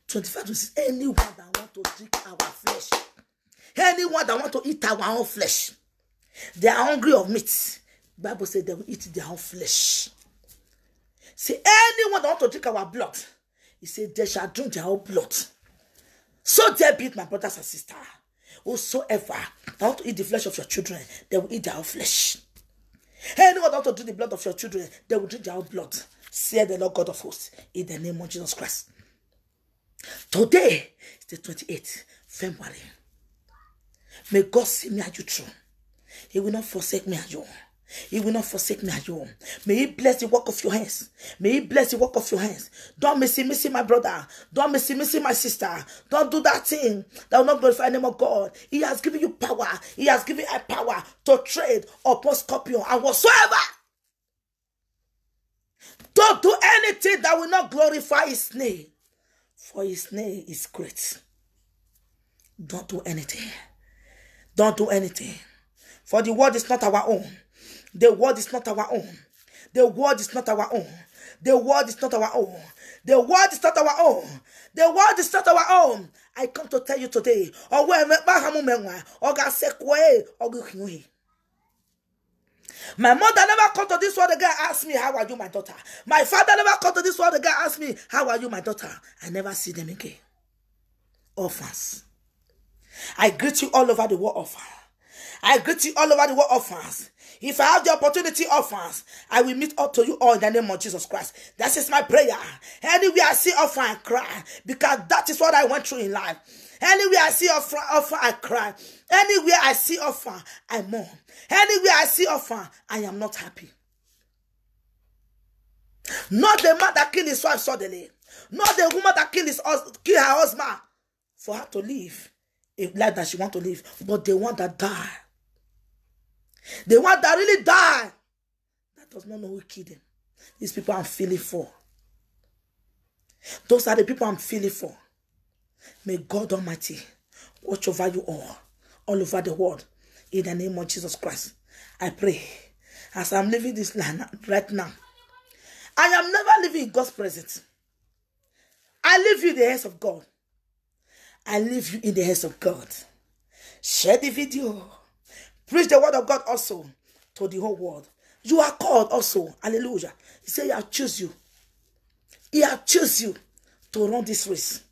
25, 26. Anyone that want to drink our flesh. Anyone that want to eat our own flesh. They are hungry of meat. Bible said they will eat their own flesh. See, anyone that want to drink our blood, he said they shall drink their own blood. So there be it, my brothers and sisters. Whosoever that want to eat the flesh of your children, they will eat their own flesh. Anyone that want to drink the blood of your children, they will drink their own blood. Say the Lord God of hosts, in the name of Jesus Christ. Today is the 28th February. May God see me and you through. He will not forsake me and you. He will not forsake me at you. May He bless the work of your hands. May He bless the work of your hands. Don't miss him, miss him, my brother. Don't miss him, miss him, my sister. Don't do that thing that will not glorify the name of God. He has given you power. He has given a power to trade upon scorpion and whatsoever. Don't do anything that will not glorify His name, for His name is great. Don't do anything. Don't do anything. For the world is not our own. The world is not our own. The world is not our own. The world is not our own. The world is not our own. The world is not our own. I come to tell you today. My mother never come to this world again ask me, How are you, my daughter? My father never come to this world again ask me, How are you, my daughter? I never see them again. Orphans. I greet you all over the world, orphan. I greet you all over the world, orphans. If I have the opportunity orphans, I will meet up to you all in the name of Jesus Christ. That is my prayer. Anywhere I see offer, I cry because that is what I went through in life. Anywhere I see offer, offer, I cry. Anywhere I see offer, I mourn. Anywhere I see offer, I am not happy. Not the man that killed his wife suddenly. Not the woman that killed, his, killed her husband for her to live a life that she want to live, but the one that died The one that really died, that does not know who killed him. These people I'm feeling for. Those are the people I'm feeling for. May God Almighty watch over you all, all over the world. In the name of Jesus Christ, I pray. As I'm leaving this land right now, I am never living in God's presence. I leave you in the hands of God. I leave you in the hands of God. Share the video. Preach the word of God also to the whole world. You are called also. Hallelujah. He said, He has choose you. He has chosen you to run this race.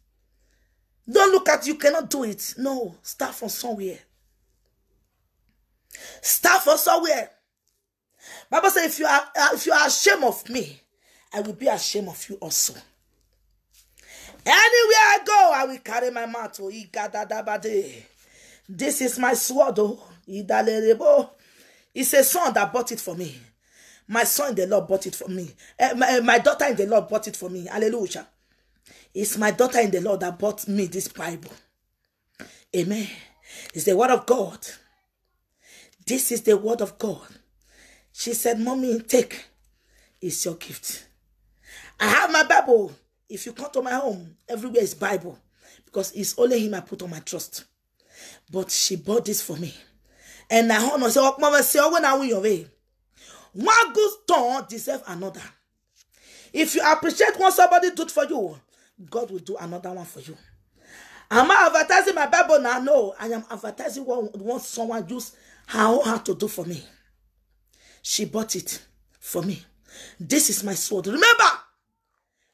Don't look at you cannot do it. No, start from somewhere. Start from somewhere. Bible says, if you are uh, if you are ashamed of me, I will be ashamed of you also. Anywhere I go, I will carry my mantle. This is my sword, though. Idalerebo. It's a son that bought it for me. My son in the Lord bought it for me. Uh, my, uh, my daughter in the Lord bought it for me. Hallelujah. It's my daughter in the Lord that bought me this Bible. Amen. It's the word of God. This is the word of God. She said, Mommy, take. It's your gift. I have my Bible. If you come to my home, everywhere is Bible. Because it's only him I put on my trust. But she bought this for me. And I honor say, Mama say, when I win your way. One good turn deserve another. If you appreciate what somebody did for you, God will do another one for you. Am I advertising my Bible now? No, I am advertising what, what someone used how her to do for me. She bought it for me. This is my sword. Remember,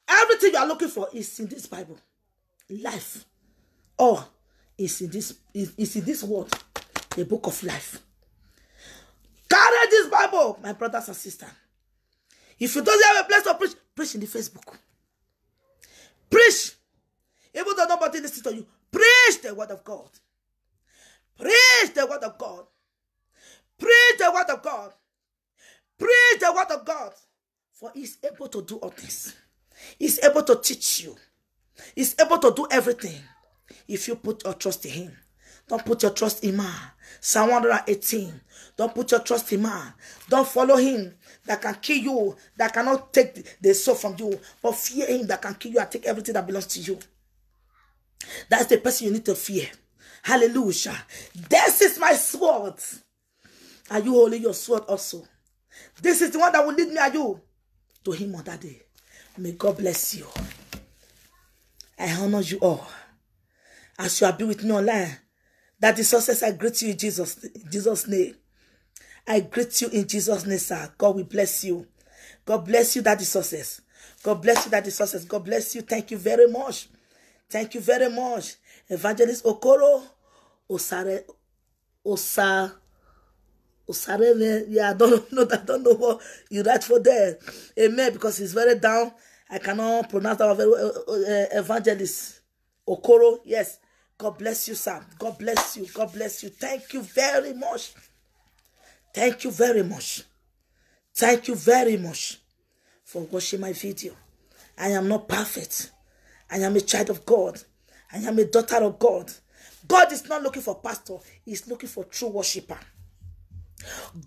everything you are looking for is in this Bible. Life. All is in this is, is in this world the book of life. Carry this Bible, my brothers and sisters. If you don't have a place to preach, preach in the Facebook. Preach. Even though nobody listens to you, preach the word of God. Preach the word of God. Preach the word of God. Preach the word of God. For he's able to do all things. He's able to teach you. He's able to do everything if you put your trust in him. Don't put your trust in man. Psalm 118. Don't put your trust in man. Don't follow him that can kill you, that cannot take the soul from you, but fear him that can kill you and take everything that belongs to you. That's the person you need to fear. Hallelujah. This is my sword. Are you holding your sword also? This is the one that will lead me and you to him on that day. May God bless you. I honor you all. As you have been with me online, That the success, I greet you in Jesus, Jesus' name. I greet you in Jesus' name, sir. God will bless you. God bless you, That the success. God bless you, That the success. God bless you. Thank you very much. Thank you very much. Evangelist Okoro Osare Osa Osare. Yeah, I don't know. I don't know what you write for there. Amen. Because it's very down. I cannot pronounce our very well. Uh, uh, uh, evangelist Okoro. Yes. God bless you, sir. God bless you. God bless you. Thank you very much. Thank you very much. Thank you very much for watching my video. I am not perfect. I am a child of God. I am a daughter of God. God is not looking for pastor. He's looking for true worshiper.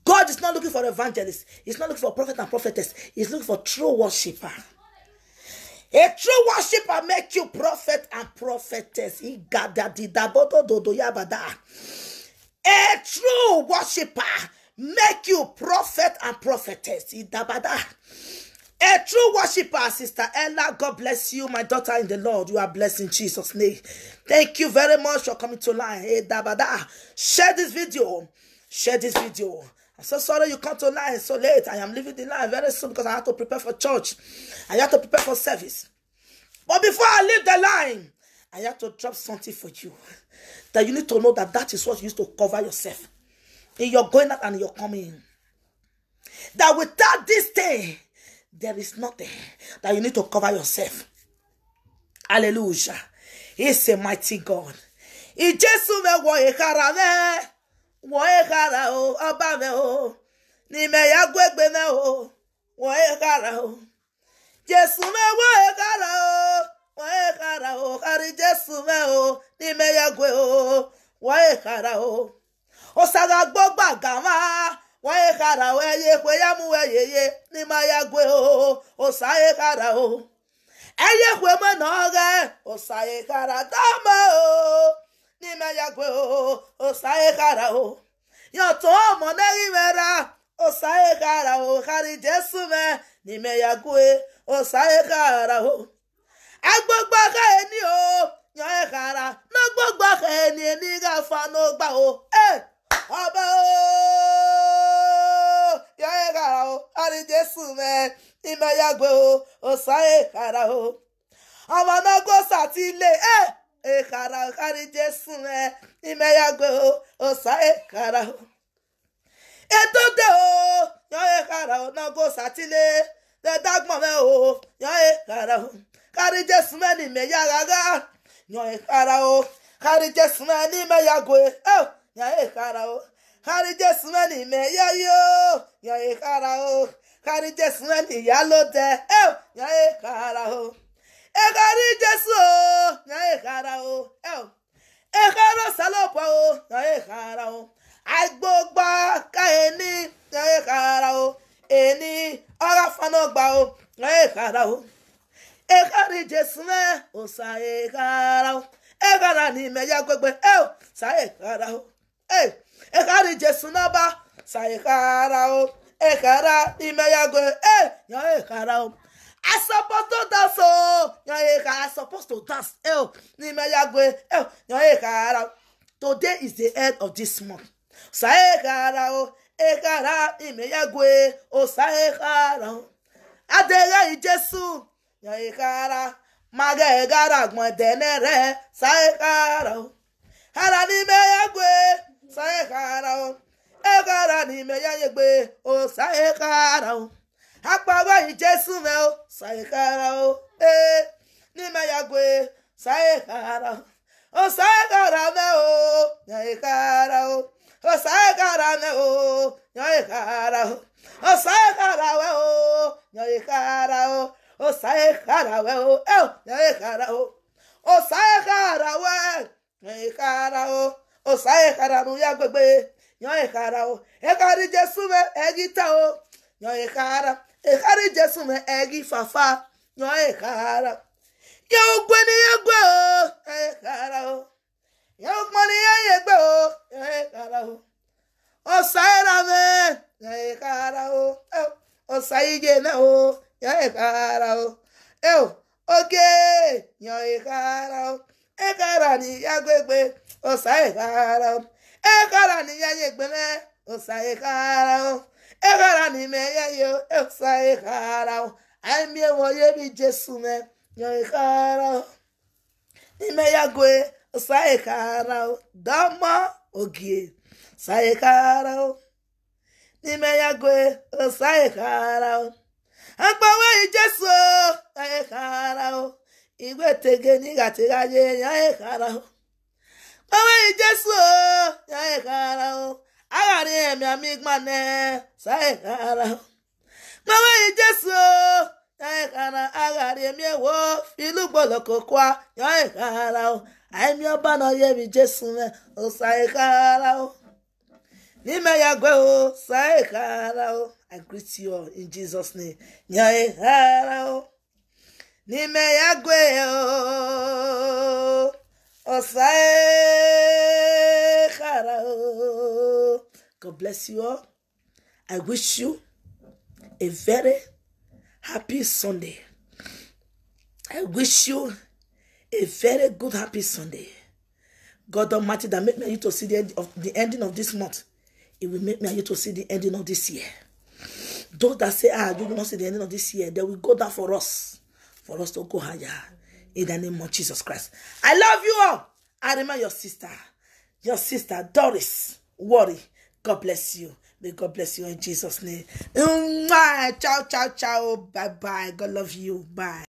God is not looking for evangelist. He's not looking for prophet and prophetess. He's looking for true worshiper. A true worshiper make you prophet and prophetess. A true worshiper make you prophet and prophetess. A true worshiper, Sister Ella, God bless you, my daughter in the Lord. You are blessed in Jesus' name. Thank you very much for coming to line. Share this video. Share this video. I said, sorry, you come to It's so late. I am leaving the line very soon because I have to prepare for church. I have to prepare for service. But before I leave the line, I have to drop something for you. That you need to know that that is what you used to cover yourself. In your going out and your coming. That without this thing, there is nothing that you need to cover yourself. Hallelujah. He's a mighty God. Ijesu mewo ikara me. wọ́n ìkàrà ọba n'ime ya gwa egbe mi o o jesu mi wọ́n ìkàrà o jesu o n'ime ya gwe o wọ́n ìkàrà o ọ̀sàgà gbọ́gbà gàmá o ya n'ime ya gwe o ọ̀sà ìkàrà o kwe n'ime ya gwe osaghara o ya otu ọmọneghi wera osaghara o hari jesu me n'ime ya gwe osaghara o agbogbo aka eni o yọ eghara n'agbogbo aka eni eni gafa n'ogba o e ọba o yọ eghara o hari jesu me n'ime ya gwe osaghara o ọmọ náà gbọ́sà ti lé e. Eh! eghara ghara jesu mee n'ime ya gwe osa eghara etode o yọ eghara n'ogo satile dedagbọnme o yọ eghara jesu mee n'ime ya ghagha yọ eghara o jesu mee n'ime ya gwe o yọ eghara jesu mee n'ime ya yo yọ eghara o ghara jesu mee n'iyalode o yọ ẹ kárí o na é kára o ẹ o ẹ kárọ sálọpọ o yàn é kára o agbógbá ká ẹni yàn é o ẹni ọ̀rá fanagba o na é o ẹ kárí jésù mẹ o sa é kára o ẹ kára ni mẹyà gbẹgbẹ ẹ o sà é kára o ẹ ẹ kárí jésù náà bá o ẹ kára ni mẹyà gbẹ ẹ yàn o. I supposed to dance, oh, I supposed to dance, oh, Nimayagwe, oh, Nyaekara. Today is the end of this month. Saekara, oh, Ekara, gwe, oh, Adela Jesus, Saekara. Adere Ijesu, Nyaekara, Magegara, Gwendenere, Saekara, oh. Hara Nimeyagwe, Saekara, oh. Ekara, gwe, oh, Saekara, oh akpọba ijesu mẹ o sayekara o ee n'ime ya gwe sayekara o sayekara mẹ o nyayekara o o sayekara mẹ o nyayekara o o sayekara wẹ o nyayekara o o sayekara wẹ o ẹ o nyayekara o o sayekara wẹ nyayekara o o sayekara mu ya gbegbe nyayekara o ekari jesu mẹ egita o nyayekara. ìkárí jesu mẹ ẹgí fàfà yàn ìkára yàwó gbé ní yẹn o yàn o ya gbọ́n ní yẹn yẹn o yàn o o ọ̀sà ẹ̀rà mẹ yàn o o o ìjẹ náà o yàn ìkára o ẹ o oge yàn ìkára o ìkára o yàgbẹ́gbẹ́ ọ̀sà ìkára o ìkára ní o ọ̀sà o. eghara n'ime ya yo esa eghara anyị mie onye bi jesu me yo eghara n'ime ya gwe sa eghara dama ogie sa eghara n'ime ya gwe sa eghara agbawe jesu sa eghara igwe tege n'igateghaje ya eghara gbawe jesu ya eghara aghara ya eme amịgbane saịkara mama ijeso yaịkara aghara Jesu filugbolokokwa yaịkara anyịmịọbanọyebijesu saịkara n'ime ya gweo o I greet you in Jesus name yaịkara n'ime ya o God bless you all. I wish you a very happy Sunday. I wish you a very good, happy Sunday. God Almighty, that make me you to see the end of the ending of this month. It will make me you to see the ending of this year. Those that say, ah, you will not see the ending of this year, they will go down for us, for us to go higher in the name of Jesus Christ. I love you all. I remember your sister, your sister Doris Worry. God bless you. May God bless you in Jesus' name. Ciao, ciao, ciao. Bye bye. God love you. Bye.